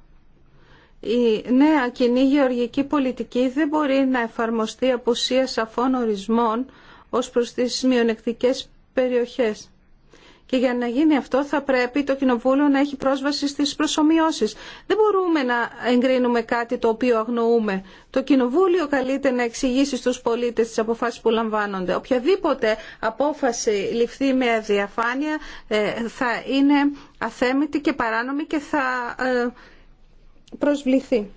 Η νέα κοινή γεωργική πολιτική δεν μπορεί να εφαρμοστεί απουσία σαφών ορισμών ως προς τις μειονεκτικές περιοχές. Και για να γίνει αυτό θα πρέπει το Κοινοβούλιο να έχει πρόσβαση στις προσωμιώσεις. Δεν μπορούμε να εγκρίνουμε κάτι το οποίο αγνοούμε. Το Κοινοβούλιο καλείται να εξηγήσει στους πολίτες τις αποφάσεις που λαμβάνονται. Οποιαδήποτε απόφαση ληφθεί με αδιαφάνεια ε, θα είναι αθέμητη και παράνομη και θα ε, προσβληθεί.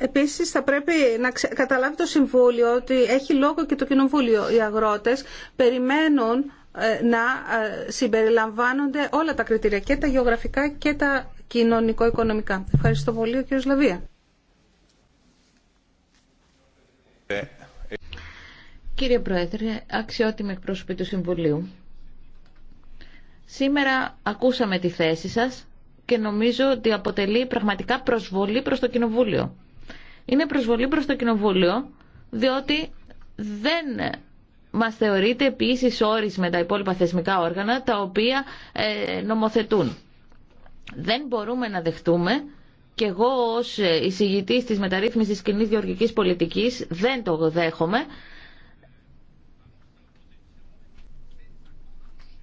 Επίση, θα πρέπει να καταλάβει το Συμβούλιο ότι έχει λόγο και το Κοινοβούλιο. Οι αγρότες περιμένουν ε, να ε, συμπεριλαμβάνονται όλα τα κριτήρια και τα γεωγραφικά και τα κοινωνικο-οικονομικά. Ευχαριστώ πολύ ο κύριος Λαβία. Κύριε Πρόεδρε, αξιότιμη εκπρόσωπη του Συμβουλίου. Σήμερα ακούσαμε τη θέση σας και νομίζω ότι αποτελεί πραγματικά προσβολή προς το Κοινοβούλιο είναι προσβολή προς το Κοινοβούλιο, διότι δεν μας θεωρείται επίσης όρις με τα υπόλοιπα θεσμικά όργανα, τα οποία ε, νομοθετούν. Δεν μπορούμε να δεχτούμε και εγώ ως εισηγητής της μεταρρύθμισης κοινή γεωργικής πολιτικής δεν το δέχομαι,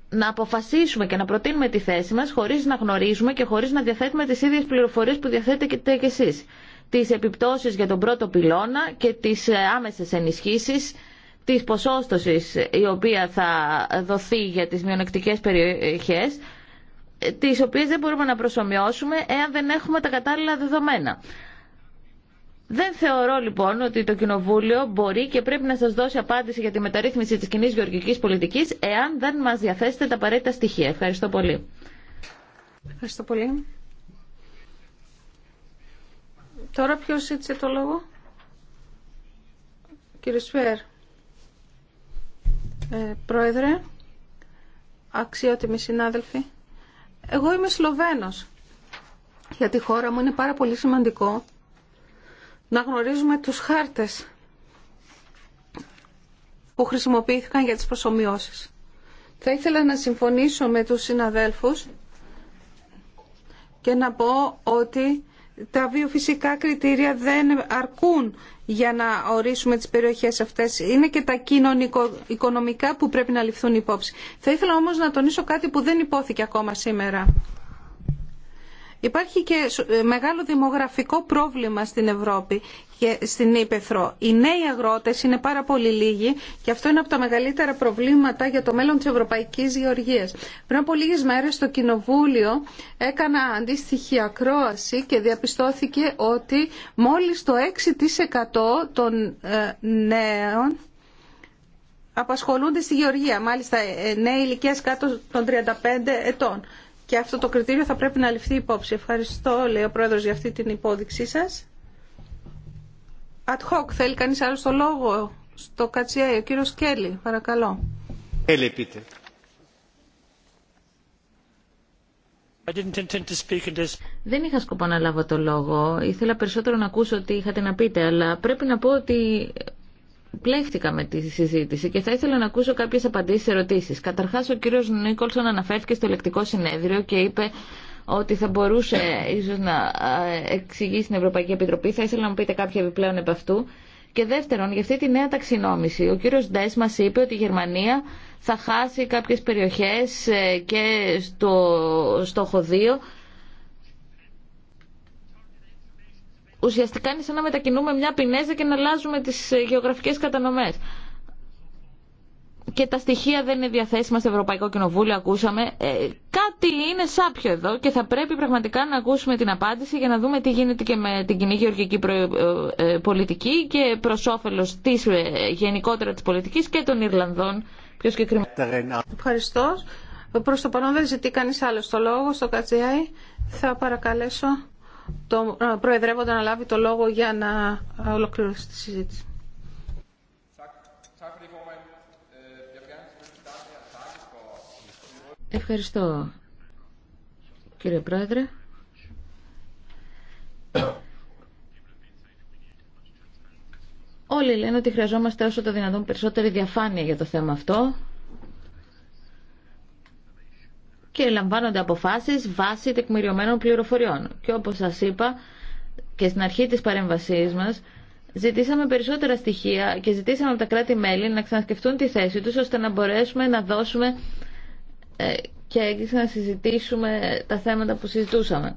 να αποφασίσουμε και να προτείνουμε τη θέση μας χωρίς να γνωρίζουμε και χωρίς να διαθέτουμε τις ίδιες πληροφορίες που διαθέτετε και εσείς τις επιπτώσεις για τον πρώτο πυλώνα και τις ε, άμεσες ενισχύσεις της ποσόστοσης η οποία θα δοθεί για τις μειονεκτικές περιοχές ε, τις οποίες δεν μπορούμε να προσωμιώσουμε εάν δεν έχουμε τα κατάλληλα δεδομένα. Δεν θεωρώ λοιπόν ότι το Κοινοβούλιο μπορεί και πρέπει να σας δώσει απάντηση για τη μεταρρύθμιση της κοινή γεωργικής πολιτικής εάν δεν μας διαθέσετε τα απαραίτητα στοιχεία. Ευχαριστώ πολύ. Ευχαριστώ πολύ. Τώρα ποιος ζήτησε το λόγο. Κύριε Σφέρ. Ε, πρόεδρε, αξιότιμοι συνάδελφοι, εγώ είμαι Σλοβένος. Για τη χώρα μου είναι πάρα πολύ σημαντικό να γνωρίζουμε τους χάρτες που χρησιμοποιήθηκαν για τις προσωμιώσεις. Θα ήθελα να συμφωνήσω με τους συναδέλφους και να πω ότι τα βιοφυσικά κριτήρια δεν αρκούν για να ορίσουμε τις περιοχές αυτές. Είναι και τα κοινωνικο-οικονομικά που πρέπει να ληφθούν υπόψη. Θα ήθελα όμως να τονίσω κάτι που δεν υπόθηκε ακόμα σήμερα. Υπάρχει και μεγάλο δημογραφικό πρόβλημα στην Ευρώπη στην Ήπεθρο. Οι νέοι αγρότες είναι πάρα πολύ λίγοι και αυτό είναι από τα μεγαλύτερα προβλήματα για το μέλλον της Ευρωπαϊκής Γεωργίας. Πριν από λίγες μέρες στο Κοινοβούλιο έκανα αντίστοιχη ακρόαση και διαπιστώθηκε ότι μόλις το 6% των ε, νέων απασχολούνται στη Γεωργία, μάλιστα ε, νέοι ηλικία κάτω των 35 ετών. Και αυτό το κριτήριο θα πρέπει να ληφθεί υπόψη. Ευχαριστώ, λέει ο Πρόεδρος, για αυτή την υπόδειξή σας ad hoc. Θέλει κανείς άλλο το λόγο στο Κατσιέ. Ο κύριος Κέλλη, παρακαλώ. Κέλλη, πείτε. Δεν είχα σκοπό να λάβω το λόγο. Ήθελα περισσότερο να ακούσω τι είχατε να πείτε, αλλά πρέπει να πω ότι πλέχτηκα με τη συζήτηση και θα ήθελα να ακούσω κάποιες απαντήσεις σε ερωτήσει. Καταρχά, ο κύριος Νίκολσον αναφέρθηκε στο ελεκτικό συνέδριο και είπε ότι θα μπορούσε ίσως να ε, εξηγήσει την Ευρωπαϊκή Επιτροπή. Θα ήθελα να μου πείτε κάποια επιπλέον επ' αυτού. Και δεύτερον, για αυτή τη νέα ταξινόμηση. Ο κύριος Ντές μας είπε ότι η Γερμανία θα χάσει κάποιες περιοχές ε, και στο στόχο 2. Ουσιαστικά είναι σαν να μετακινούμε μια πινέζα και να αλλάζουμε τις ε, γεωγραφικές κατανομές και τα στοιχεία δεν είναι διαθέσιμα στο Ευρωπαϊκό Κοινοβούλιο, ακούσαμε. Ε, κάτι είναι σάπιο εδώ και θα πρέπει πραγματικά να ακούσουμε την απάντηση για να δούμε τι γίνεται και με την κοινή γεωργική ε, ε, πολιτική και προ όφελο γενικότερα τη πολιτική και των Ιρλανδών πιο συγκεκριμένα. Ευχαριστώ. Προ το παρόν δεν ζητεί κανεί άλλο το λόγο στο ΚΑΤΖΙΑΙ. Θα παρακαλέσω τον Προεδρεύοντα να λάβει το λόγο για να ολοκληρώσει τη συζήτηση. Ευχαριστώ, κύριε Πρόεδρε. Όλοι λένε ότι χρειαζόμαστε όσο το δυνατόν περισσότερη διαφάνεια για το θέμα αυτό και λαμβάνονται αποφάσεις βάσει τεκμηριωμένων πληροφοριών. Και όπως σας είπα και στην αρχή της παρέμβασής μας, Ζητήσαμε περισσότερα στοιχεία και ζητήσαμε από τα κράτη-μέλη να ξανασκεφτούν τη θέση τους ώστε να μπορέσουμε να δώσουμε ε, και έγκυσε να συζητήσουμε τα θέματα που συζητούσαμε.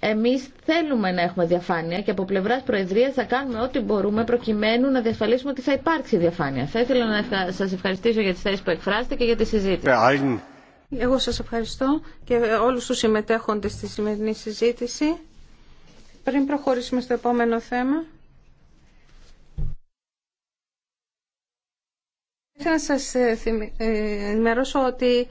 Εμείς θέλουμε να έχουμε διαφάνεια και από πλευράς Προεδρίας θα κάνουμε ό,τι μπορούμε προκειμένου να διασφαλίσουμε ότι θα υπάρξει διαφάνεια. Θα ήθελα να σας ευχαριστήσω για τις θέσεις που εκφράσετε και για τη συζήτηση. Ε, Εγώ σας ευχαριστώ και όλους τους συμμετέχοντες στη σημερινή συζήτηση. Πριν προχωρήσουμε στο επόμενο θέμα, Θα να σας ε, ε, ενημερώσω ότι